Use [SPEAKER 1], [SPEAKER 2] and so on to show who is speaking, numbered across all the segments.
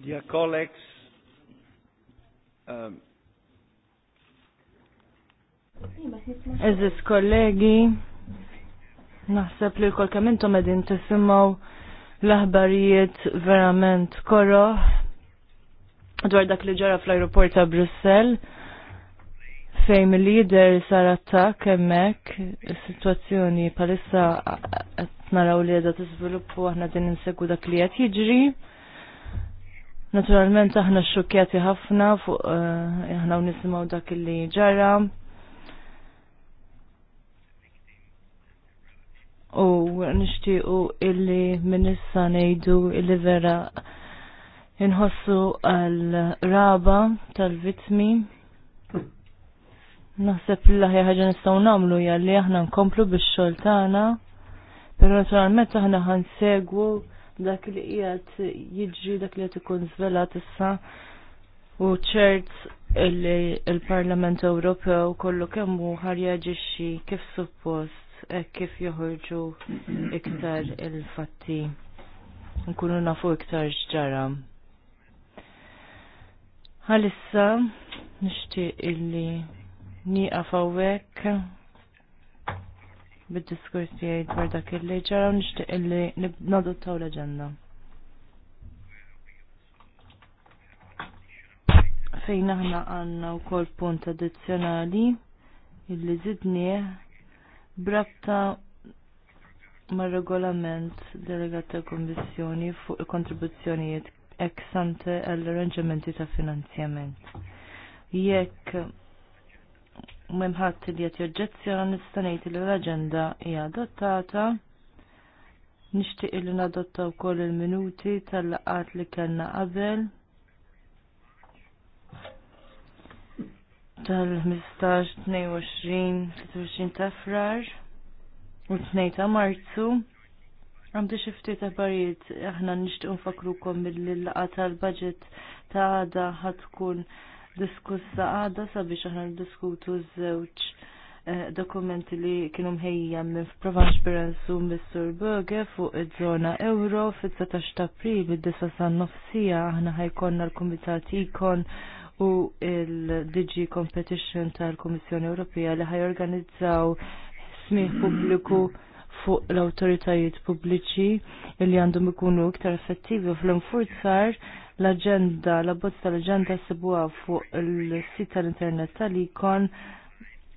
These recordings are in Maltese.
[SPEAKER 1] Dear colleagues,
[SPEAKER 2] um, Eżis
[SPEAKER 3] kollegi, naħseb li l-kol intom edin tisimaw l-aħbarijiet verament koro dwar dak li ġara fl-aeroport ta' Brussel fejn il-lider sar attak hemmhekk is-sitwazzjoni palissa qed naraw li qiegħda tiżviluppu aħna din insegwu dak li qed jiġri. Naturalment aħna xokjati ħafna fuq eh, aħna nisimgħu dak li ġara. u nishtiqu illi minissa nejdu illi vera inħossu għal raba tal-vitmi. Naħseb l-laħja ħagġa nistaw namlu jalli aħna nkomplu bix xoltana Pero però naturalment aħna ħansegwu segwu dak li qiegħed jiġri dak li qed ikun żvelat issa u ċert li l-Parlament Ewropew kollu kemm hu ħar kif suppost e kif joħorġu iktar il-fatti nkunu nafu iktar xġara. Għalissa nishtiq illi niqaf hawnhekk bid-diskurs tiegħi dwar dak il illi ġara nixtieq illi nadottaw l-aġenda. Fejn aħna għandna wkoll punt addizzjonali illi zidnieh brabta mar regolament delegat ta' kommissjoni fuq il-kontribuzzjonijiet ex ante għall-arranġamenti ta' finanzjament. Jekk memħat li għat joġġezzjon nistanejt li l-agenda hija adottata. Nishtiq li nadotta u koll il-minuti tal-laqat li kellna qabel. Tal-15, 22, 23 ta' frar u 2 ta' marzu. Għamdi xifti ta' barijiet, aħna nishtiq kom mill-laqat tal-budget ta' għada ħatkun tkun diskussa għada sabiex aħna diskutu żewġ eh, dokumenti li kienu mħejja minn f'Provanx Berensu Mr. Böge fuq id żona euro fit 17 ta' april id-disa sa' nofsija aħna ħajkonna l-Kumitat ikon u l-DG Competition tal-Kummissjoni Ewropea li ħajorganizzaw smih pubbliku fuq l-autoritajiet pubbliċi li għandhom ikunu iktar effettivi fl-infurzar l-agenda, la bozza tal-agenda sebuwa fuq il-sit tal-internet tal-ikon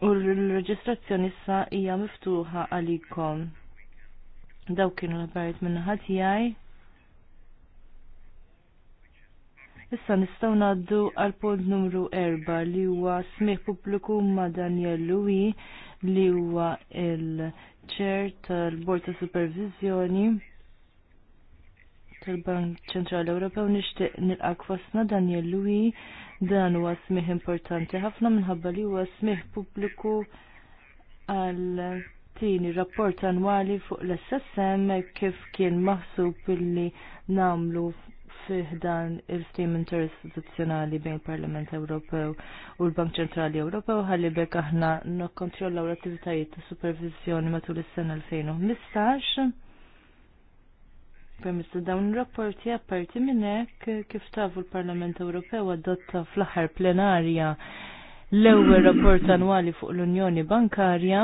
[SPEAKER 3] u l-reġistrazzjoni issa hija miftuħa għalikom. Daw kienu l-affarijiet minn ħatijaj. Issa nistaw naddu għal punt numru 4 li huwa smih pubbliku ma' Daniel Lui li huwa il-ċer tal-Bord ta' Supervizjoni tal-Bank Ċentrali Ewropew nixtieq nilqak fosna Daniel Louis dan huwa smih importanti ħafna minħabba li huwa smih pubbliku għal tini rapport annwali fuq l-SSM kif kien maħsub billi namlu fih dan il stim interistituzzjonali bejn il-Parlament Ewropew u l-Bank Ċentrali Ewropew ħalli bekk aħna nokkontrollaw l-attivitajiet ta' supervizjoni matul is-sena 2015 Permezz ta' dawn rapporti apparti minn hekk kif tafu l-Parlament Ewropew adotta fl-aħħar plenarja l-ewwel rapport annwali fuq l-Unjoni Bankarja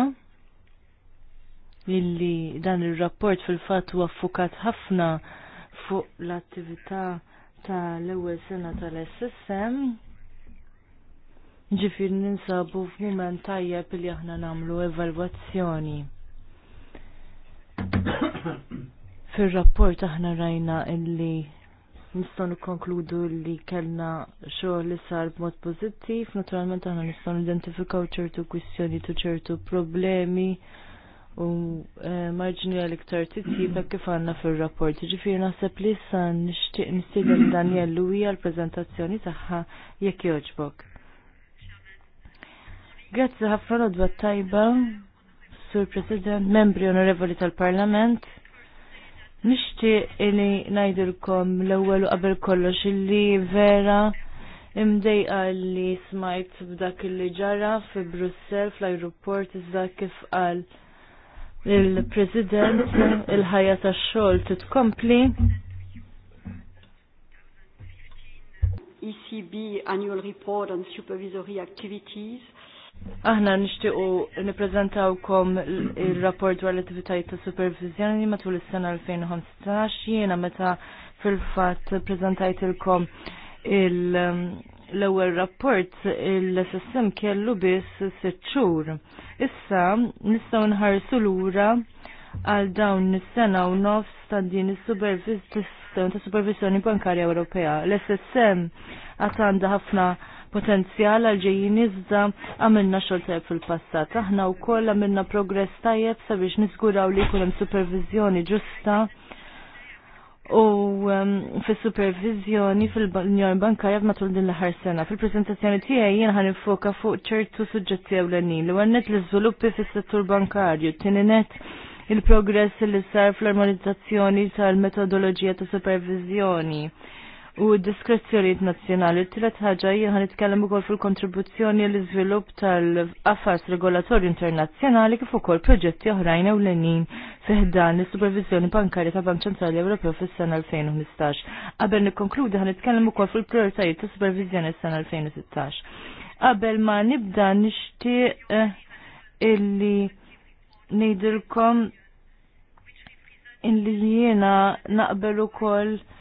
[SPEAKER 3] illi dan ir-rapport fil-fatt huwa affukat ħafna fuq l-attività tal-ewwel sena tal-SSM ġifir ninsabu f'mument tajjeb li aħna namlu evalwazzjoni fil-rapport aħna rajna illi nistgħu nikkonkludu li kellna xogħol li sar b'mod pożittiv, naturalment aħna nistgħu identifikaw ċertu kwistjoni tu ċertu problemi u eh, marġni għal iktar titjib kif għandna fil-rapport. Ġifieri naħseb li issa nixtieq nistieden Daniel Lui l prezentazzjoni tagħha jekk jogħġbok. Grazzi ħafna l tajba, Sur President, membri onorevoli tal-Parlament. Nixtieq li ngħidilkom l-ewwel u qabel kollox illi vera imdejqa li smajt b'dak li ġara fi Brussel fl-ajruport iżda kif qal il-President il-ħajja tax-xogħol titkompli.
[SPEAKER 4] ECB annual report on supervisory activities
[SPEAKER 3] Aħna nixtiequ nippreżentawkom ir-rapport dwar l-attivitajiet ta' supervizjoni matul is-sena 2015 jiena meta fil-fatt preżentajtilkom il- um, l-ewwel rapport l-SSM kellu biss sitt xhur. Issa nistgħu nħarsu lura għal dawn is-sena u nofs ta' din is-supervizjoni ta' supervizjoni bankarja Ewropea. L-SSM għad għandha ħafna potenzjal għal ġejjin iżda għamilna xogħol tajjeb fil-passat. Aħna wkoll għamilna progress tajjeb sabiex niżguraw li jkun hemm supervizjoni ġusta U um, fil-supervizjoni fil-Unjon Bankarja matul din l-ħar sena. Fil-prezentazzjoni tiegħi jien ħan infoka fuq ċertu suġġetti ewlenin. L għannet l-iżviluppi fis-settur bankarju, tieni il-progress li sar fl-armonizzazzjoni tal-metodoloġija ta' supervizjoni u diskrezzjonijiet nazzjonali. Tielet ħaġa jħan it nitkellem ukoll fil-kontribuzzjoni l iżvilupp tal-affars regolatorju internazzjonali kif ukoll proġetti oħrajn ewlenin fiħdan l supervizjoni bankarja ta' Bank Ċentrali Ewropew fis-sena 2015. Qabel nikkonkludi ħan nitkellem ukoll fil prioritajiet ta' supervizjoni s-sena 2016. Qabel ma nibda nixtieq eh, illi ngħidilkom illi jiena naqbel ukoll koll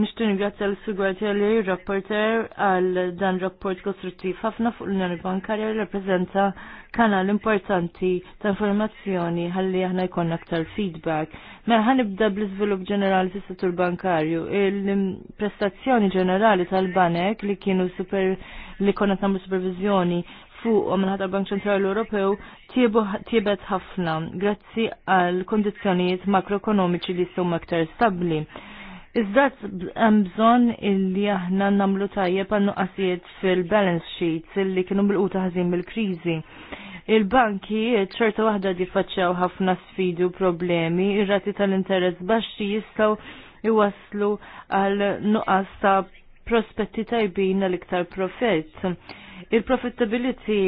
[SPEAKER 3] Nishtu ringrazzja l-Sugwartjali, rapporter għal dan rapport kostruttiv ħafna fuq l-Unjoni Bankarja li rappresenta kanal importanti ta' informazzjoni ħalli aħna jkollna aktar feedback. Mela ħanibda bl-iżvilupp ġenerali fis-settur bankarju. Il-prestazzjoni ġenerali tal-banek li kienu super li konna tagħmlu supervizjoni fuq u minnħata Bank Ċentrali Ewropew tiebet ħafna grazzi għal kondizzjonijiet makroekonomiċi li huma aktar stabbli. Iżda hemm bżonn illi aħna nagħmlu tajjeb għan nuqqasijiet fil-balance sheets illi kienu bil ħażin mill-kriżi. Il-banki ċerta waħda jiffaċċjaw ħafna sfidi u problemi, ir-rati tal-interess baxxi jistgħu iwaslu għal nuqqas ta' prospetti tajbin għal-iktar profitt. il profittability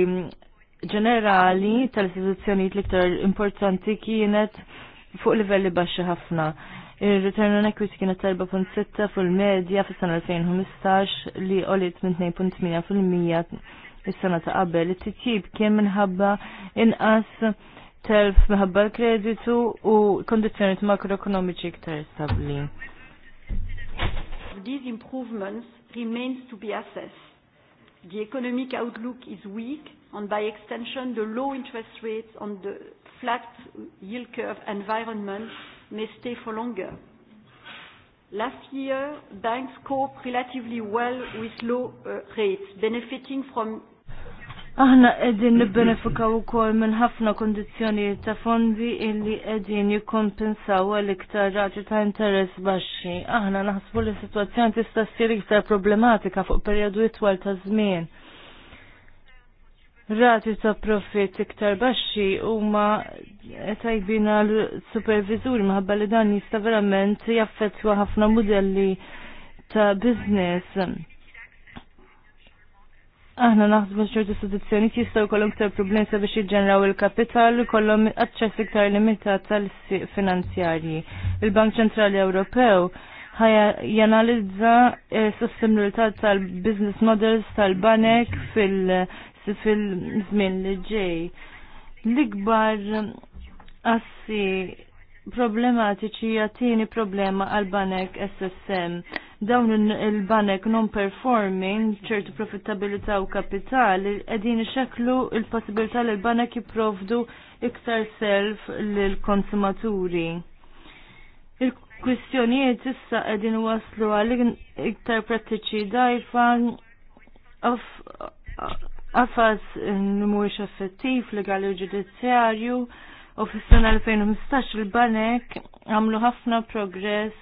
[SPEAKER 3] ġenerali tal-istituzzjonijiet l-iktar importanti kienet fuq livelli baxxi ħafna. Il-return on equity kienet 4.6 fil-medja fil sena 2015 li qolit minn 2.8 fil-mija fis-sena ta' qabel. il titjib kien minħabba inqas telf minħabba l-kreditu u kondizjoni makroekonomiċi iktar stabbli.
[SPEAKER 4] These improvements remains to be assessed. The economic outlook is weak, and by extension, the low interest rates on the flat yield curve environment may stay for longer. Last year, banks cope relatively well with low uh, rates, benefiting from
[SPEAKER 3] Aħna qegħdin nibbenefikaw ukoll minn ħafna kondizjoni ta' fondi illi qegħdin jikkompensaw għal iktar rati ta' interess baxxi. Aħna naħsbu li situazzjoni sitwazzjoni tista' ssir iktar problematika fuq perjodu itwal ta' żmien rati ta' profit iktar baxxi huma tajbina l-supervizur minħabba li dan jista' verament jaffettwa ħafna modelli ta' business. Aħna naħsbu ċertu istituzzjoni jistgħu jkollhom iktar problemi sabiex jiġġeneraw il-kapital kollhom aċċess iktar limitat tal-sieq finanzjarji. Il-Bank Ċentrali Ewropew ħajja janalizza s-sostenibilità tal-business models tal-banek fil- forsi fil-żmien li ġej. L-ikbar assi problematiċi jatini problema għal-banek SSM. Dawn il-banek non-performing, ċertu profittabilità u kapital, edin xeklu il-possibilità li l-banek jiprovdu iktar self l-konsumaturi. Il-kwistjonijiet issa edin waslu għal iktar pratiċi dajfan n eh, mhuwiex effettiv legali u ġudizzjarju u fissan 2015 il-banek għamlu ħafna progress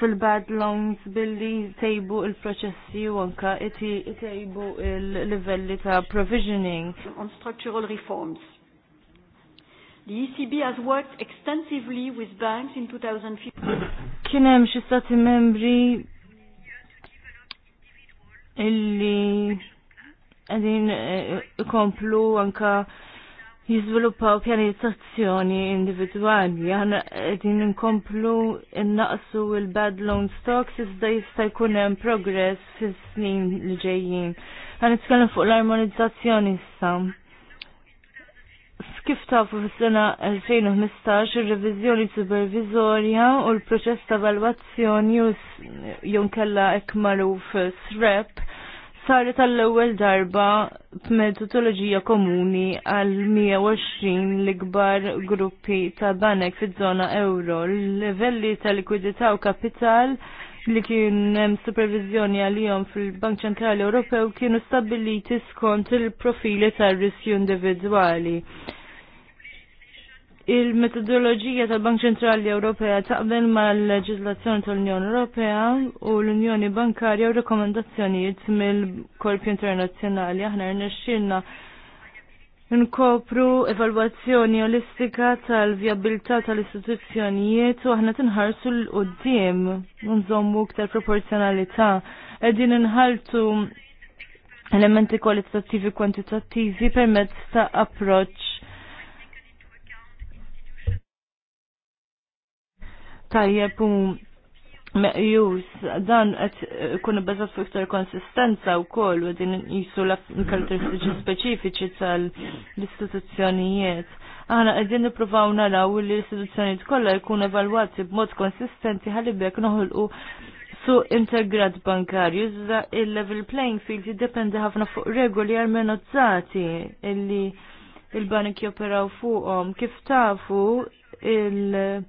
[SPEAKER 3] fil-bad loans billi tejbu il-proċessi u anka tejbu il-livelli ta' provisioning.
[SPEAKER 4] On structural reforms. The ECB has worked extensively with banks in 2015.
[SPEAKER 3] Kienem xistati membri illi għedin eh, ikomplu anka jizviluppaw pjanizzazzjoni individuali, għana għedin nkomplu innaqsu il-bad loan stocks, iżda jista' jkun hemm progress fis snin li ġejjin. Għan nitkellem fuq l-armonizzazzjoni issa. Kif tafu fis-sena 2015 ir-reviżjoni supervizorja u l-proċess ta' valwazzjoni jew kella hekk magħruf SREP saret tal-ewwel darba b'metodoloġija komuni għal 120 l-ikbar gruppi ta' banek fiż-żona euro. Livelli ta' likwidità u kapital li kien hemm supervizjoni għalihom fil-Bank Ċentrali Ewropew kienu stabiliti skont il-profili tar-riskju individwali Il-metodoloġija tal-Bank Ċentrali Ewropea taqbel mal-leġislazzjoni tal-Unjoni Ewropea u l-Unjoni Bankarja u rekomendazzjonijiet mill-Korpi Internazzjonali. Aħna rnexxilna nkopru evalwazzjoni olistika tal-vjabilità tal-istituzzjonijiet u aħna tinħarsu l-qudiem nżommu iktar proporzjonalità. Qegħdin inħaltu elementi kwalitattivi kwantitattivi permezz ta' approċċ tajjeb u meqjus dan qed kun bbażat fuq iktar konsistenza wkoll u din qisu l-karatteristiċi speċifiċi tal-istituzzjonijiet. Aħna qegħdin nippruvaw naraw li l-istituzzjonijiet kollha jkunu evalwati b'mod konsistenti ħalibek noħolqu su integrat bankarju iżda il-level playing field jiddependi ħafna fuq regoli armenozzati illi il banki joperaw fuqhom kif tafu il-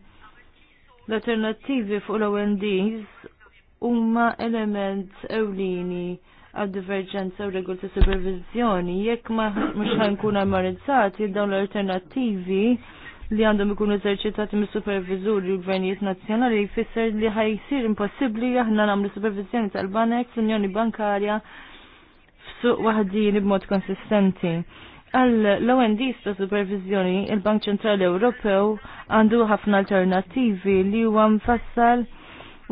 [SPEAKER 3] L-alternattivi fuq l-ONDs huma element ewlieni għad diverġenza u regol ta' supervizjoni. Jekk ma mhux ħankun armonizzati dawn l-alternattivi li għandhom ikunu eżerċitati mis supervizuri u gvernijiet nazzjonali jfisser li ħajsir impossibbli aħna nagħmlu supervizjoni tal-banek l unjoni Bankarja f'suq waħdin b'mod konsistenti għall l-ONDs ta' supervizjoni, il-Bank Ċentrali Ewropew għandu ħafna alternativi li huwa mfassal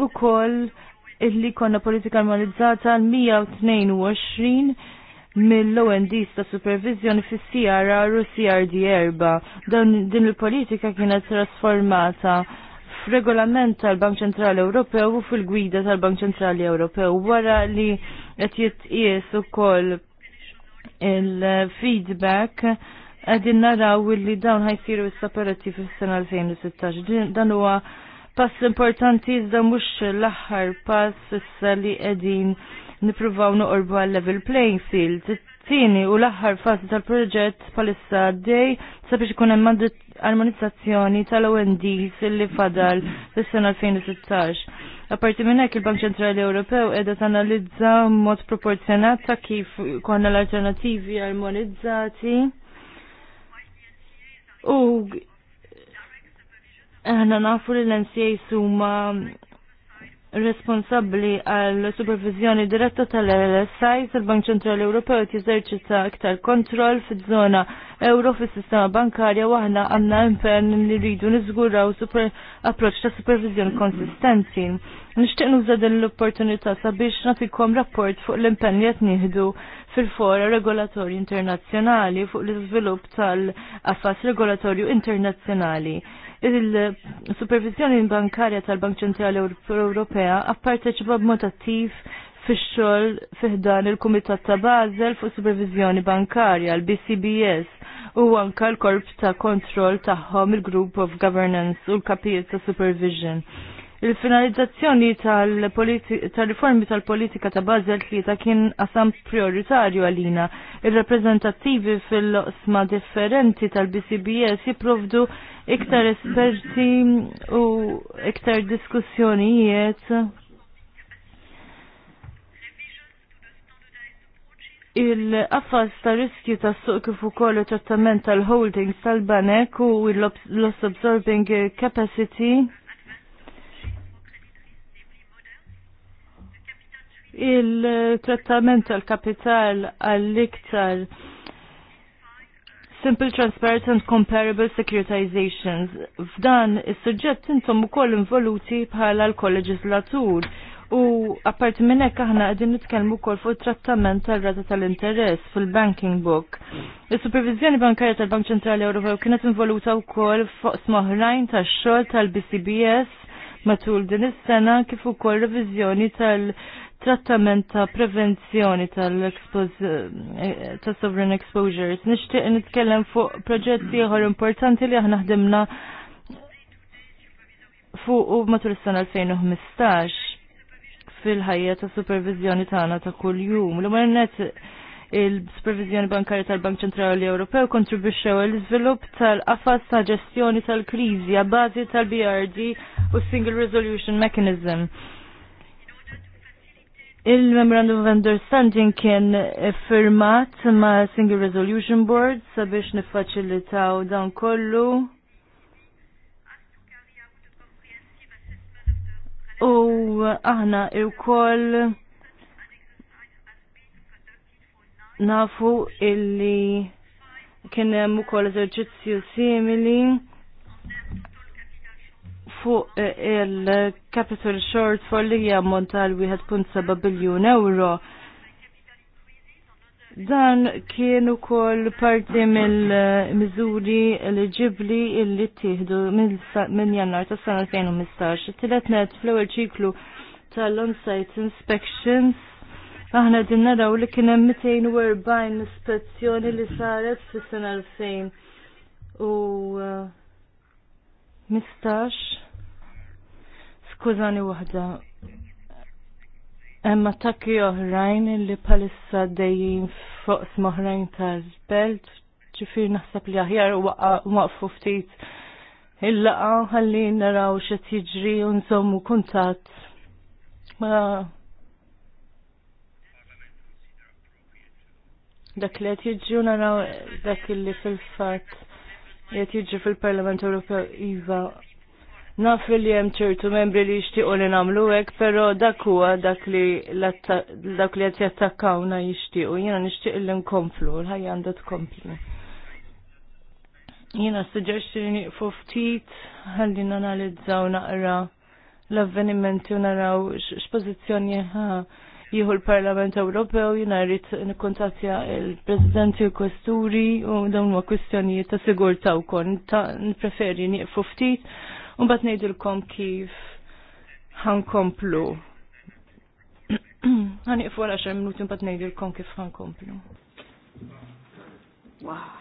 [SPEAKER 3] u koll illi konna politika normalizzata l-122 mill-ONDs ta' supervizjoni fis CRR u CRD erba. Din il-politika kienet trasformata f'regolament tal-Bank Ċentrali Ewropew u fil-gwida tal-Bank Ċentrali Ewropew wara li qed jitqies ukoll il-feedback għedin naraw li dawn ħajsiru s-saparati fil-sena 2016. Dan huwa pass importanti iżda mhux l-aħħar pass issa li qegħdin nippruvaw nuqorbu għal level playing field. Tieni u l-aħħar fażi tal-proġett palissa dej sabiex ikun hemm armonizzazzjoni tal-ONDs li fadal fis-sena 2016 Apparti minn hekk il-Bank Ċentrali Ewropew qiegħda tanalizza mod proporzjonat ta' kif konna l-alternattivi armonizzati. U aħna nafu li l-NCA huma responsabbli għal supervizjoni diretta tal-LSI tal-Bank Ċentrali Ewropew jeżerċita aktar kontroll fiż-żona euro fis-sistema bankarja u aħna għandna impenn li rridu niżguraw u approċċ ta' supervizjoni konsistenti. Nishtiq nuża din l-opportunità sabiex nafikom rapport fuq l-impenjet nieħdu fil-fora regolatorju internazzjonali fuq l-iżvilupp tal-affas regolatorju internazzjonali. Il-supervizjoni bankarja tal-Bank Ċentrali Ewropea apparteċipa b'mod attiv fix-xogħol fiħdan il-Kumitat ta' Basel fuq Supervizjoni Bankarja, l-BCBS, u anka l-korp ta' kontroll tagħhom il-Group of Governance u l-Kapijiet ta' Supervision Il-finalizzazzjoni tal-riformi tal-politika ta' Basel ta' kien qasam prioritarju għalina. Ir-rappreżentattivi fil-osma differenti tal-BCBS jipprovdu iktar esperti u iktar diskussjonijiet. il affas ta' riskju ta' suq kif ukoll trattament tal-holdings tal-banek u l-loss absorbing capacity il-trattament tal-kapital għall-iktar Simple Transparent and Comparable Securitizations. F'dan is-suġġett intom ukoll involuti bħala l-kolleġislatur u apparti minn hekk aħna qegħdin nitkellmu wkoll fuq trattament tar-rata tal-interess fil-banking book. Is-supervizjoni bankarja tal-Bank Ċentrali Ewropew kienet involuta wkoll fuq smoħrajn tax-xogħol tal-BCBS matul din is-sena kif ukoll reviżjoni tal- trattament ta' prevenzjoni eh, ta' sovereign exposures. Nishtiq nitkellem fuq proġetti ieħor importanti li aħna ħdimna fuq matul is-sena 2015 fil-ħajja ta' supervizjoni tagħna ta' kuljum. L-marnet il-supervizjoni bankarja tal-Bank Ċentrali Ewropew kontribwixxew l-iżvilupp tal-qafas ta' ġestjoni tal-kriżi għal bażi tal-BRD u Single Resolution Mechanism. Il-Memorandum of Understanding kien firmat ma' Single Resolution Board sabiex niffaċilitaw dan kollu. U aħna il-koll nafu illi kien hemm ukoll eżerċizzju simili fuq eh, il-capital shortfall li jammonta l-1.7 biljun euro. Dan kien ukoll parti mill-miżuri eliġibbli illi ttieħdu minn jannar tas sena 2015. Tilet net fl-ewwel ċiklu tal-on-site inspections aħna din naraw li kien hemm 240 ispezzjoni li saret fis-sena 2000 u eh, mistax Skużani waħda. Emma takki oħrajn li palissa dejjin fuq smoħrajn tal-belt, ċifir naħseb li aħjar waqfu ftit il-laqa ħalli naraw xet jiġri u kuntat. ma dak li qed jiġri naraw dak li fil-fatt qed jiġri fil-Parlament Ewropew iva Naf li hemm ċertu membri li jixtiequ li nagħmlu hekk, pero dak huwa dak li dak li qed jattakkawna jixtiequ. Jiena nishtiq li nkomplu, l-ħajja għandha tkompli. Jiena suġġerxti li nieqfu ftit ħalli nanalizzaw naqra l-avvenimenti u naraw x'pożizzjoni ħa jieħu l-Parlament Ewropew jiena rrid nikkuntattja l-Presidenti u kwesturi u dawn ma kwistjonijiet ta' sigurtà wkoll. Nippreferi nieqfu ftit Un bat nejdilkom kif ħankomplu. Għaniqfu għal 10 minuti un bat nejdilkom kif ħankomplu. Wow.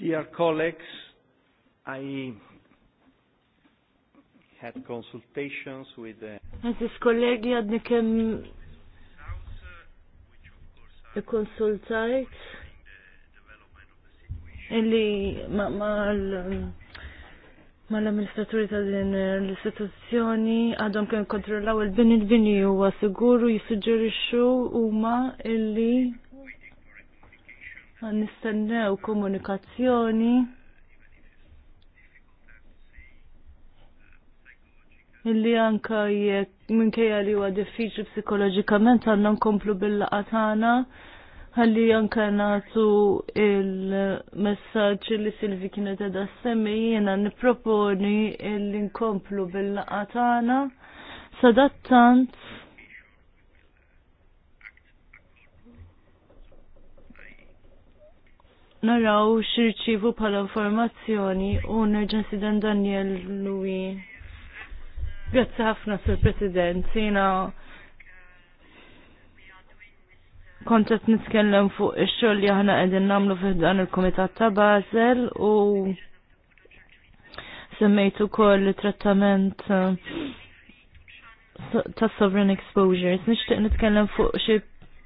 [SPEAKER 1] Dear colleagues, I had consultations with the...
[SPEAKER 3] Għazis kollegi għadni kem konsultajt illi ma l-amministraturi ta' din l-istituzzjoni għadhom kien kontrollaw il-bini, il-bini huwa siguru jissuġġerixxu huma illi nistennew komunikazzjoni illi anka jekk minkejja li huwa diffiċli psikoloġikament għandna nkomplu bil-laqa tagħna ħalli anka nagħtu il-messaġġ li Silvi kienet qiegħda semmi jiena nipproponi illi nkomplu bil-laqa tagħna sadattant naraw xirċivu bħala informazzjoni u nerġan sidan Daniel Lui. Grazzi ħafna, Sur President. Sina kontet nitkellem fuq ix-xogħol li aħna qegħdin nagħmlu fih dan il-Kumitat ta' Basel u semmejt ukoll trattament ta' sovereign exposures. Nixtieq nitkellem fuq xi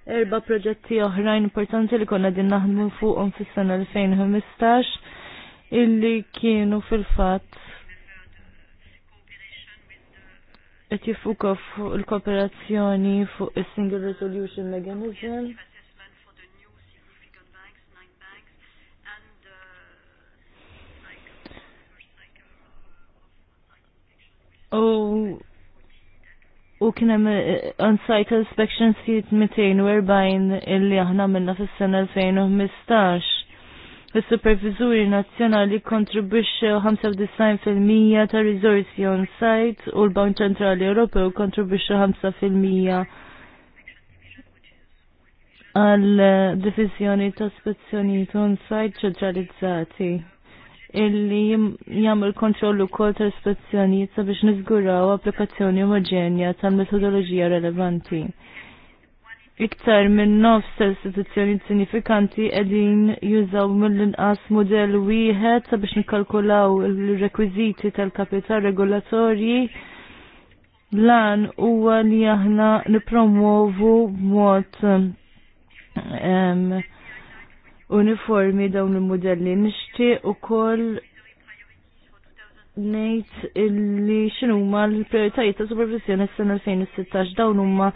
[SPEAKER 3] erba proġetti oħrajn importanti li konna din naħdmu fuqhom fis-sena 2015 illi kienu fil-fatt qed jifuka fuq il-kooperazzjoni fuq is-Single Resolution Mechanism. U u kienem eh, on-site inspections fit 240 illi aħna minna fis-sena 2015. is supervisuri nazzjonali kontribwixxew 95% ta' riżorsi on-site u l-Bank Ċentrali Ewropew kontribwixxew 5% għal eh, diviżjoni ta' spezzjonijiet on-site ċentralizzati illi jagħmel kontroll ukoll tal-ispezzjonijiet sabiex niżguraw applikazzjoni omogenja tal-metodoloġija relevanti. Iktar minn nofs tal-istituzzjoni sinifikanti qegħdin jużaw mill-inqas modell wieħed sabiex nikkalkulaw il-rekwiżiti tal-kapital regolatorji lan huwa li aħna nipromuovu b'mod uniformi dawn il-modelli. Nixtieq ukoll ngħid illi xinu ma l-prijoritajiet ta' supervizjoni s-sena 2016 dawn huma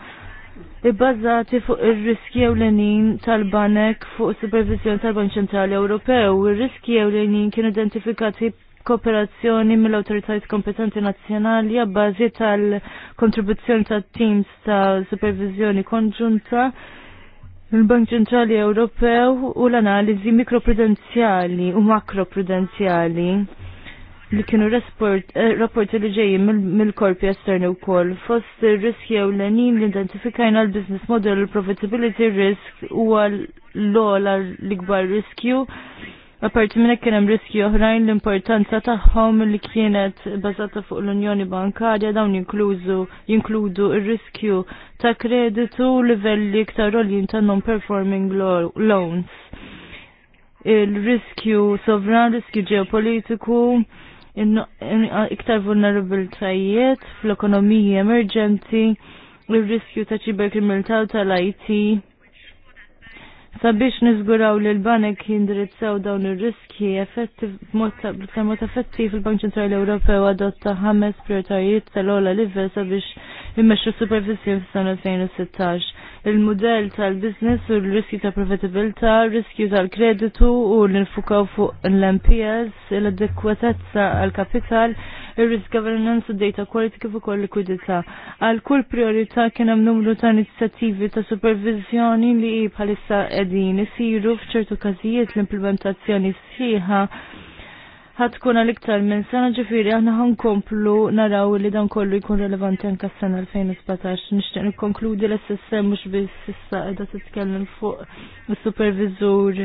[SPEAKER 3] ibbażati fuq ir-riski ewlenin tal-banek fuq supervizjoni tal-Bank Ċentrali Ewropew. il riski ewlenin kienu identifikati kooperazzjoni mill autoritajt kompetenti nazzjonali għabbażi tal-kontribuzzjoni tal teams ta' supervizjoni konġunta Il-Bank Ċentrali Ewropew u l-analiżi mikroprudenzjali u makroprudenzjali li kienu eh, rapporti li ġejjin mill-korpi esterni wkoll fost ir-riski ewlenin li identifikajna l-business model, il-profitability risk u l-ola l-ikbar riskju Apparti minn kien hemm riski oħrajn l-importanza tagħhom li kienet bażata fuq l-Unjoni Bankarja dawn jinkluzu jinkludu r-riskju ta' kreditu livelli iktar għoljin ta' non-performing loans. Il-riskju sovran, riskju ġeopolitiku, iktar vulnerabiltajiet fl-ekonomiji emerġenti, il-riskju ta' ċiberkriminalità tal-IT sabiex nizguraw li l-banek jindirizzaw dawn ir-riski effettiv b'mod effettiv il-Bank Ċentrali Ewropew adotta ħames prioritajiet tal-ogħla livell sabiex immexxu supervisjon f'sana 2016. Il-mudell tal-business u l-riskju ta' profitabilta, riskju tal-kreditu u l-infukaw fuq l-MPS, l-adekwatezza għal-kapital, il-risk governance u data quality kif ukoll likwidità. Għal kull priorità kien hemm numru ta' inizjattivi ta' supervizjoni li bħalissa qegħdin isiru f'ċertu każijiet l-implementazzjoni sħiħa ħatkun għal-iktar minn sena ġifiri aħna komplu naraw li dan kollu jkun relevanti anka s-sena 2017. Nishtiq nikkonkludi l ssm mhux biss issa qiegħda titkellem fuq is-supervizur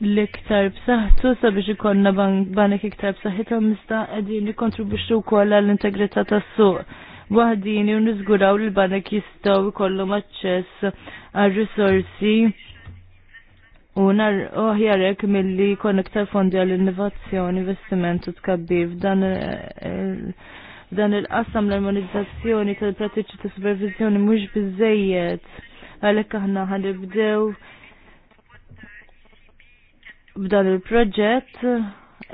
[SPEAKER 3] l-iktar b'saħħtu sabiex ikollna banek iktar b'saħħithom mista' qegħdin nikkontribwixxu wkoll għall-integrità tas-suq waħdini u nizguraw li l-banek jistaw kollu aċċess għal risorsi U nar oħjarek mill-li iktar fondi għall-innovazzjoni, investimentu u tkabbir f'dan eh, eh, il-qasam l-armonizzazzjoni tal-pratiċi ta' supervizjoni mhux biżejjed għalhekk aħna ħanibdew b'dan il-proġett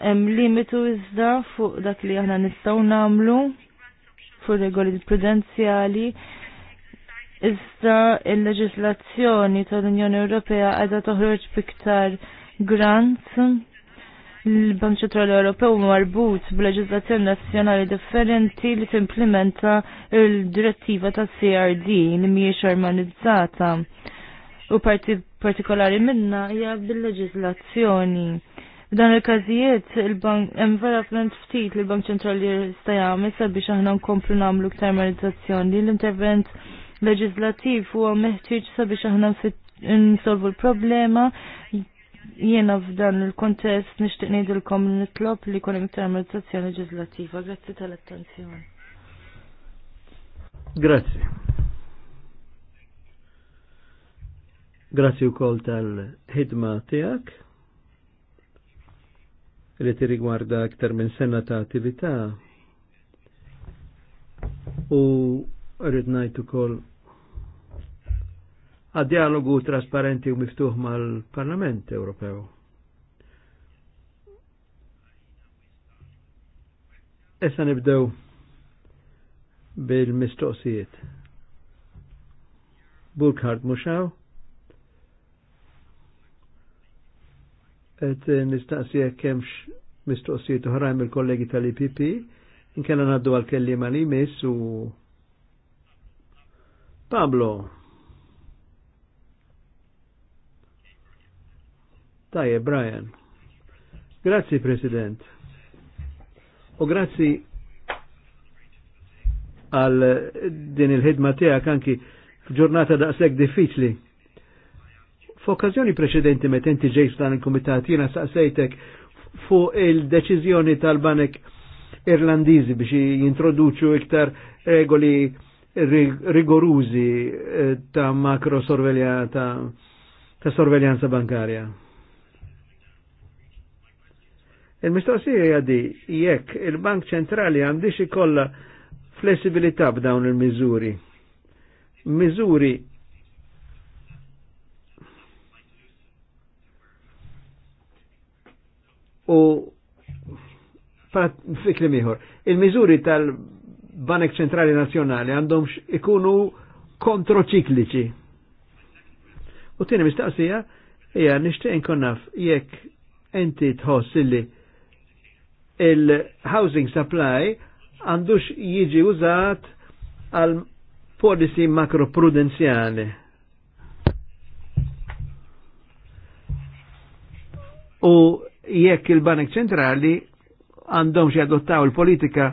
[SPEAKER 3] hemm limitu iżda fuq dak li aħna nistgħu nagħmlu fuq regoli prudenzjali Iżda il-leġislazzjoni tal-Unjoni Ewropea għadha toħroġ biktar grant l-Bank Ċentrali Ewropew marbut b'leġiżlazzjoni nazzjonali differenti li timplementa l-direttiva ta' CRD li mhijiex armonizzata u parti partikolari minna hija bil-leġiżlazzjoni. F'dan il-każijiet il-bank hemm vera flant ftit li l-Bank Ċentrali jista' jagħmel sabiex aħna nkomplu nagħmlu ktar armonizzazzjoni l-intervent leġislativ huwa meħtieġ sabiex aħna nsolvu l-problema. Jiena f'dan il-kontest nixtieq ngħidilkom nitlob li jkun hemm armonizzazzjoni leġislattiva. Grazzi tal-attenzjoni.
[SPEAKER 1] Grazzi. Grazzi wkoll tal-ħidma tiegħek li ti rigwarda aktar minn sena ta' attività u rrid ngħid ukoll għad dialogu trasparenti u miftuħ mal-Parlament Ewropew. Issa nibdew bil-mistoqsijiet. Burkhard Muxaw. Et nistaqsija kemx mistoqsijiet uħrajn mill-kollegi tal-IPP. Inkella naddu għal-kellima li miss u Pablo. Tajje, Brian. Grazzi, President. U grazzi għal din il-ħidma tiegħek anki f'ġurnata daqshekk diffiċli. F'okkażjoni preċedenti meta inti ġejs dan il-kumitat jiena saqsejtek fuq il-deċiżjoni tal-banek Irlandiżi biex jintroduċu iktar regoli rigorużi eh, ta' makro ta sorveljanza bankarja. Il-mistoqsija di jekk il-Bank Ċentrali għandix ikolla flessibilità b'dawn il-miżuri. Miżuri u fikli miħor, il-miżuri tal-Banek Ċentrali Nazjonali għandhom ikunu kontroċikliċi. U tieni mistaqsija hija nixtieq inkun naf jekk inti tħoss illi il-housing supply għandux jiġi użat għal policy makroprudenzjali. U jekk il-Banek Ċentrali għandhom adottaw il-politika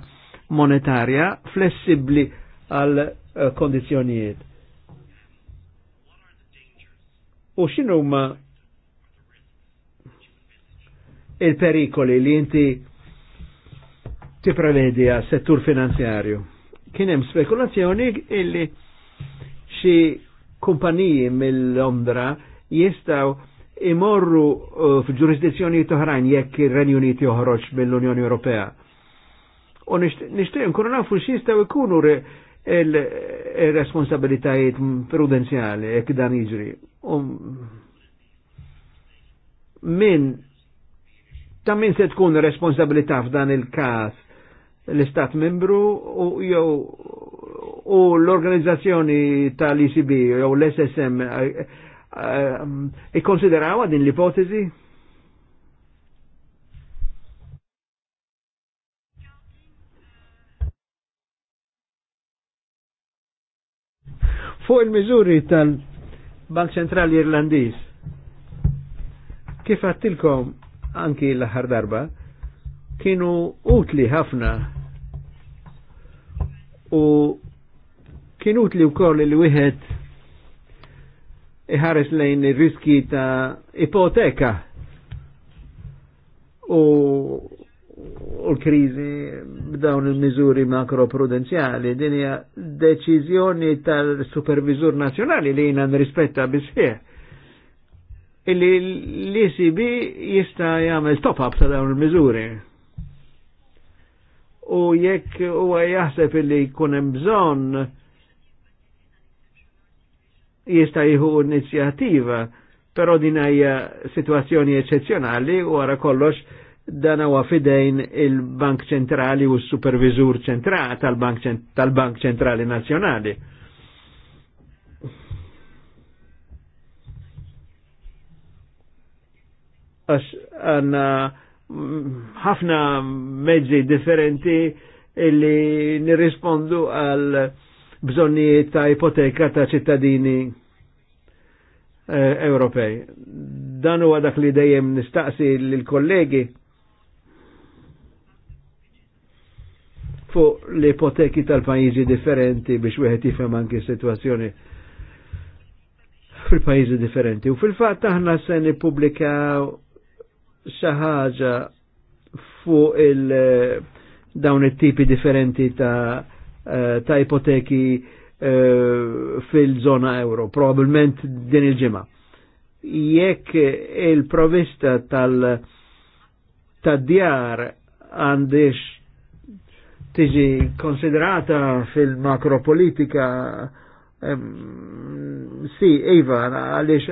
[SPEAKER 1] monetarja flessibli għal eh, kondizjonijiet. U x'inhuma il-perikoli li inti tiprevedija settur finanzjarju. Kien hemm spekulazzjoni illi xi kumpaniji mill-Londra jistaw imorru uh, f'ġurisdizzjoni oħrajn jekk ir-Renju Uniti joħroġ mill-Unjoni Ewropea. U nixtieq nkunu nafu x'jistgħu jkunu responsabilitajiet prudenzjali jekk dan jiġri. Um, min ta' min se tkun responsabilità f'dan il-każ l-Istat membru u jew u l-organizzazzjoni tal-ICB jew l-SSM eh, eh, eh, ikkonsiderawa din l-ipotezi? Fuq il-miżuri tal-Bank Ċentrali Irlandiż, kif għattilkom anki l-aħħar darba, kienu utli ħafna u kienut li wkoll li wieħed iħares lejn riski ta' ipoteka u, u l-krizi b'dawn il-miżuri makroprudenzjali din hija deċiżjoni tal-Supervisur Nazzjonali li jiena nrispetta bisfieħ illi l-ECB jista' jagħmel top-up ta' dawn il-miżuri u jekk huwa jaħseb illi jkun hemm bżonn jista' jieħu inizjattiva, però din hija sitwazzjoni eccezzjonali u wara kollox dan huwa fidejn il-Bank Ċentrali u s-Supervisur Ċentrali tal-Bank tal Ċentrali Nazzjonali. Għax għanna ħafna mezzi differenti illi nirrispondu għal bżonnijiet ta' ipoteka ta' ċittadini eh, Ewropej. Dan huwa dak li dejjem nistaqsi lill-kollegi fuq l-ipoteki tal-pajjiżi differenti biex wieħed jifhem anki situazzjoni fil-pajjiżi differenti. U fil-fatt aħna se nippubblikaw saħħaġa fuq il- eh, dawn it-tipi differenti ta', eh, ta ipoteki eh, fil-zona euro, probabilment din il-ġimgħa. Jekk il-provista tal- tad-djar għandix tiġi konsiderata fil-makropolitika um, si, Eva għalix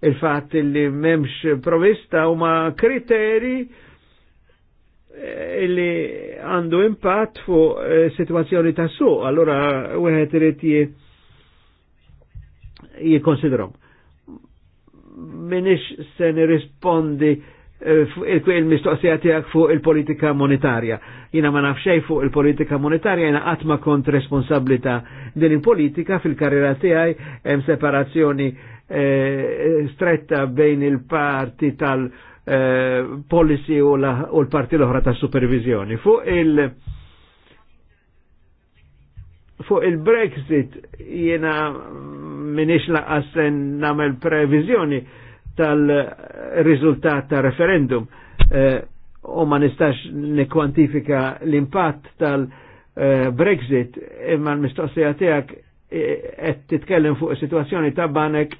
[SPEAKER 1] il-fat li memx provista u ma kriteri eh, li għandu impatt fu eh, situazzjoni ta' suq, allora u rrit jikonsidrom. Minix se nirrispondi eh, il-mistoqsija tiegħek fuq il-politika monetarja. Jina ma nafxej fuq il-politika monetarja, jina għatma kont responsabli ta' din il-politika fil-karriera tijaj, hemm separazzjoni Eh, stretta bejn il-parti tal-policy eh, u l-parti l-oħra tal-supervizjoni. Fuq il- fuq il-Brexit jena minix laqassen namel previżjoni tal-rizultat ta' referendum eh, u ma nistax nekwantifika l-impatt tal-Brexit imma l-mistoqsija tiegħek qed titkellem fuq situazzjoni ta' banek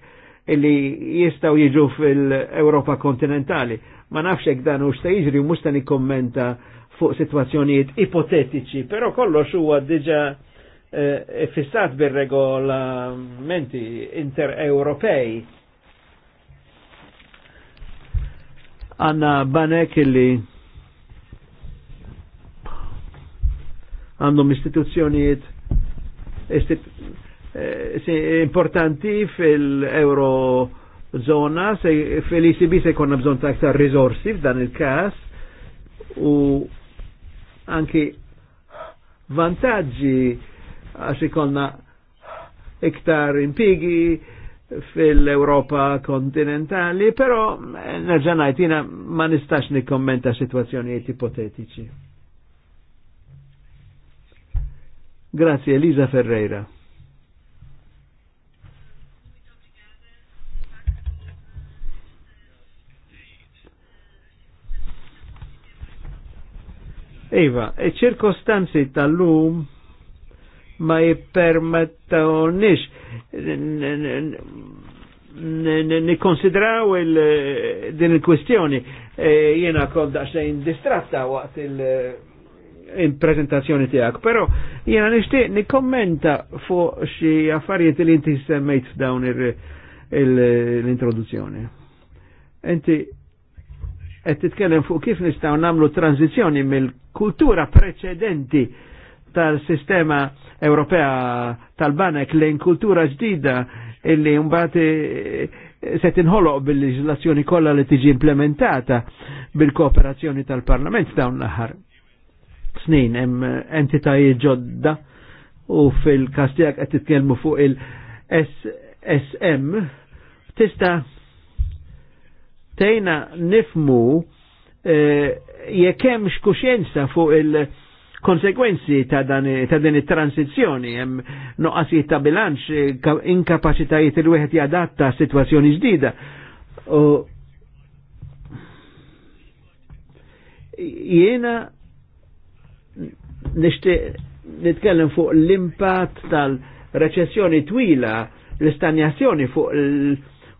[SPEAKER 1] illi jistaw jiġu fil-Europa kontinentali. Ma nafxek dan u xta jiġri mux ta' kommenta fuq situazzjonijiet ipotetiċi, pero kollox huwa diġa eh, fissat bir-regolamenti inter-Ewropej. Għanna banek illi għandhom istituzzjonijiet istit Eh, importanti fil-euro zona, fil-ECB se jkonna bżon ta' aktar risorsi f'dan il-kas u anki vantaġġi għax ikonna iktar impigi fil-Europa kontinentali, però eh, nerġanajtina ma nistax nikkommenta situazzjonijiet ipotetiċi. Grazie, Elisa Ferreira. Iva, ċirkostanzi tal-lum ma jippermettonix nikonsidraw din il kwistjoni e, jena kol daċxajn distratta waqt il- prezentazzjoni tijak, pero jena nishti nikommenta fu xie affarijiet li inti semmejt dawn l-introduzzjoni. Inti qed titkellem fuq kif nistgħu nagħmlu tranzizzjoni mill-kultura preċedenti tal-sistema Ewropea tal-banek lejn kultura ġdida illi mbagħad eh, se tinħoloq bil-leġislazzjoni kollha li tiġi implementata bil-kooperazzjoni tal-Parlament dawn l-aħħar snin hemm entitajiet ġodda u fil-kastijak qed titkellmu fuq il-SM tista' tejna nifmu jekem eh, jekk hemm fuq il-konsekwenzi ta' din it transizjoni hemm noqqasijiet ta' bilanċ, eh, inkapaċitajiet il wieħed jadatta situazzjoni ġdida. Jiena nixtieq nitkellem fuq l-impatt tal-reċessjoni twila, l-istanjazzjoni fuq l-, -l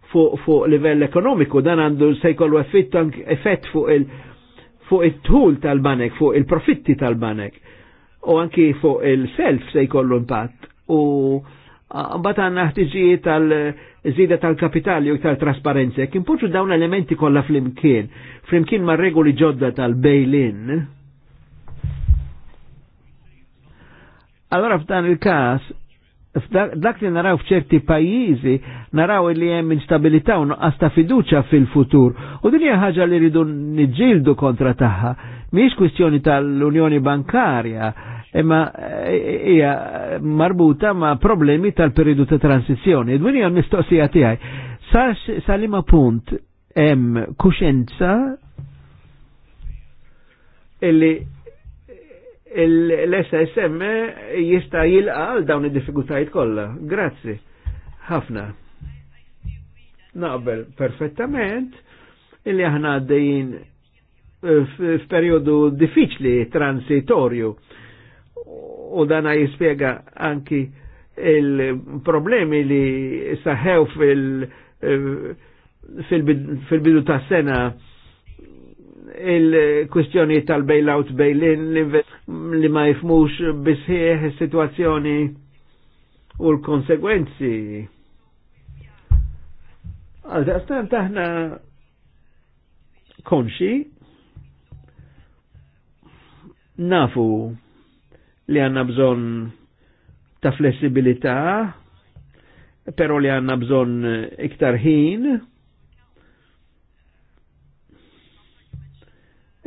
[SPEAKER 1] fuq fu livell ekonomiku, dan għandu se jkollu effett fuq il- fuq it-tħul tal-banek, fuq il-profitti tal-banek, u anki fuq il-self se jkollu impatt. U mbagħad għandna ħtiġijiet tal-żida tal-kapitali u tal-trasparenza. Kien poġġu dawn elementi kollha flimkien, flimkien ma' regoli ġodda tal-bejlin. Allora f'dan il-każ dak li naraw f'ċerti pajjiżi naraw li hemm instabilità u nuqqas ta' fiduċa fil-futur. U din hija ħaġa li rridu niġġieldu kontra tagħha. Mhijiex kwistjoni tal-Unjoni Bankarja, imma eh, hija marbuta ma' problemi tal-periodu ta' transizjoni. Dwin hija mistoqsija tiegħi. Salima punt hemm kuxenza illi l-SSM jista jilqa għal dawn id diffikultajt kollha. Grazzi. Ħafna. Naqbel perfettament illi aħna għaddejjin eh, f'perjodu diffiċli transitorju u dana jispiega anki il-problemi li saħew fil- bidu eh, fil-bidu ta' sena il-kwistjoni tal-bailout bail-in li ma jifmux bisħieħ situazzjoni u l-konsegwenzi. għal dastan taħna konxi nafu li għanna bżon ta' flessibilità, pero li għanna bżon iktar ħin,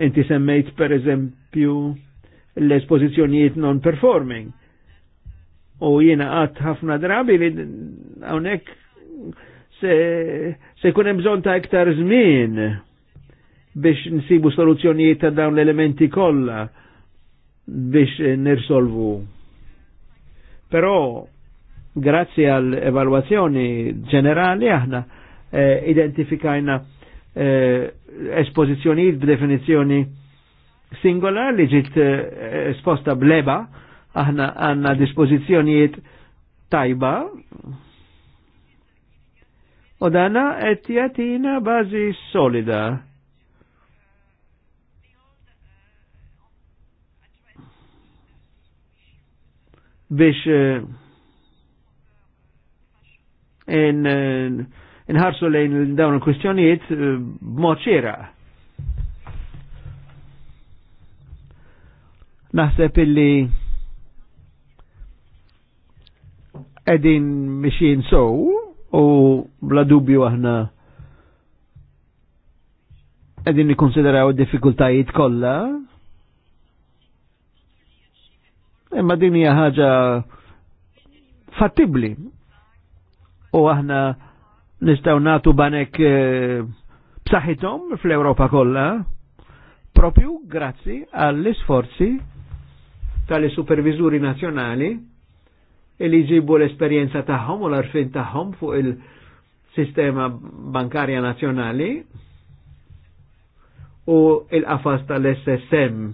[SPEAKER 1] Inti semmejt per eżempju l-espożizzjonijiet non-performing. U jiena għat ħafna drabi li hawnhekk se kun hemm bżonn ta' iktar żmien biex nsibu soluzzjonijiet ta' dawn l-elementi kollha biex nirsolvu. Però grazzi għal evalwazzjoni ġenerali aħna eh, identifikajna eh, espożizzjonijiet b'definizjoni singola li ġit eh, esposta bleba, aħna għanna dispożizzjonijiet tajba u dana qed jagħtina bażi solida. biex eh, in uh, inħarsu lejn dawn il-kwistjonijiet eh, b'mod ċira. Naħseb illi edin mixin sow u bla dubju aħna edin nikonsideraw diffikultajiet kollha imma din hija ħaġa fattibbli u aħna nistaw natu banek psaħitom eh, fl europa kollha, propju grazzi għall-isforzi tal-supervizuri nazjonali il jġibu l-esperjenza tagħhom u l-arfin tagħhom fuq il-sistema bankarja nazzjonali u il-qafas tal-SSM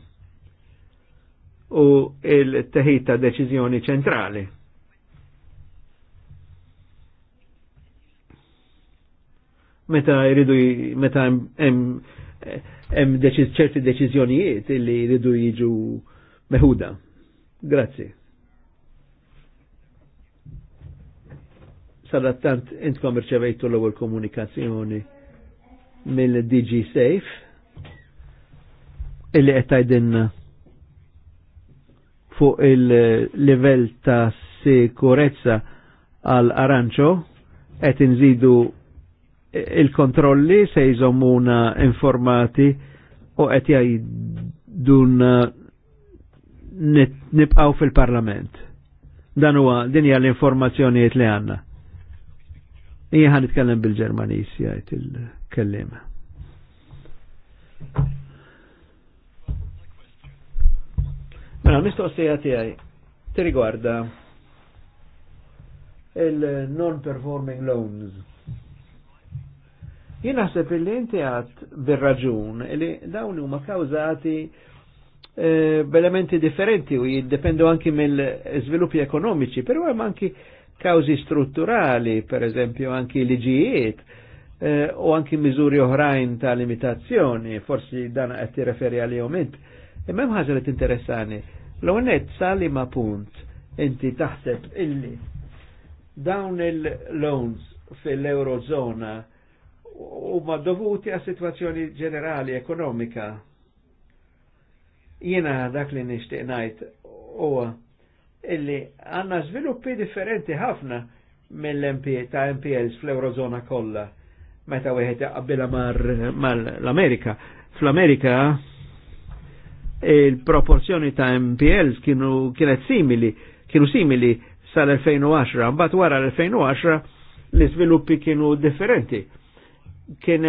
[SPEAKER 1] u il-teħid ta' deċiżjoni ċentrali. meta jridu meta hemm ċerti deċiżjonijiet li jridu jiġu meħuda. Grazzi. Sadattant intkom irċevejtu l-ewwel komunikazzjoni mill-DG Safe illi qed tgħidilna fuq il-livell ta' sikurezza għal aranċo qed inżidu il-kontrolli se jizomuna informati u qed jgħidun eh, nipqaw fil-parlament. Dan huwa din hija l-informazzjonijiet li għandna. Ija nitkellem bil-Ġermanis jgħid il-kellim. Mela mistoqsija tiegħi riguarda il-non-performing loans Jien naħseb li inti għat bil raġun li dawn huma kawżati e, b'elementi differenti u jiddependu anki mill-żviluppi ekonomiċi, però hemm anki kawzi strutturali, per eżempju anki liġijiet eh, u anki miżuri oħrajn ta' limitazzjoni, forsi dan qed tirreferi għalihom jomint. Imma hemm ħaġa li tinteressani. L-onet sali ma punt inti taħseb illi dawn il-loans fil-eurozona huma dovuti għas situazzjoni ġenerali ekonomika. Jiena dak li nixtieq ngħid huwa illi għandna żviluppi differenti ħafna mill-MP ta' MPLs fl-Eurozona kollha meta wieħed mar mal-Amerika. Fl-Amerika il-proporzjoni ta' MPLs kienu kienet simili, kienu simili sal-2010, mbagħad wara l-2010 l-iżviluppi kienu differenti kien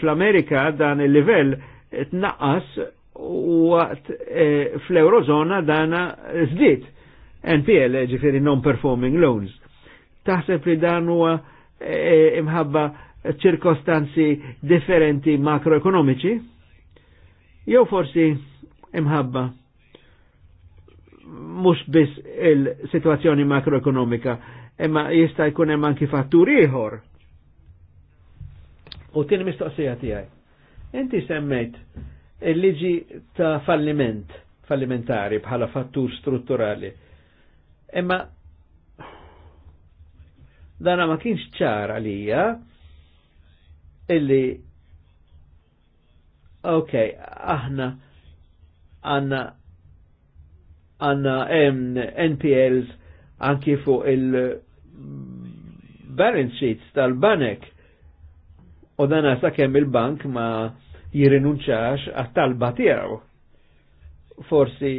[SPEAKER 1] fl-Amerika dan il-livell tnaqqas u e, fl-Eurozona dana zdit. NPL, ġifiri non-performing loans. Taħseb li dan huwa eh, imħabba ċirkostanzi differenti makroekonomiċi? Jew forsi imħabba mhux biss il situazzjoni makroekonomika, imma jista' jkun hemm anki fatturi ieħor U tin mistoqsija tiegħi. Inti semmejt il-liġi ta' falliment, fallimentari bħala fattur strutturali. Imma dana ma kienx ċar għalija illi ok, aħna għanna għanna NPLs anki fuq il balance sheets tal-banek u dan għasa kemm il-bank ma jirinunċax għat-talba tiegħu. Forsi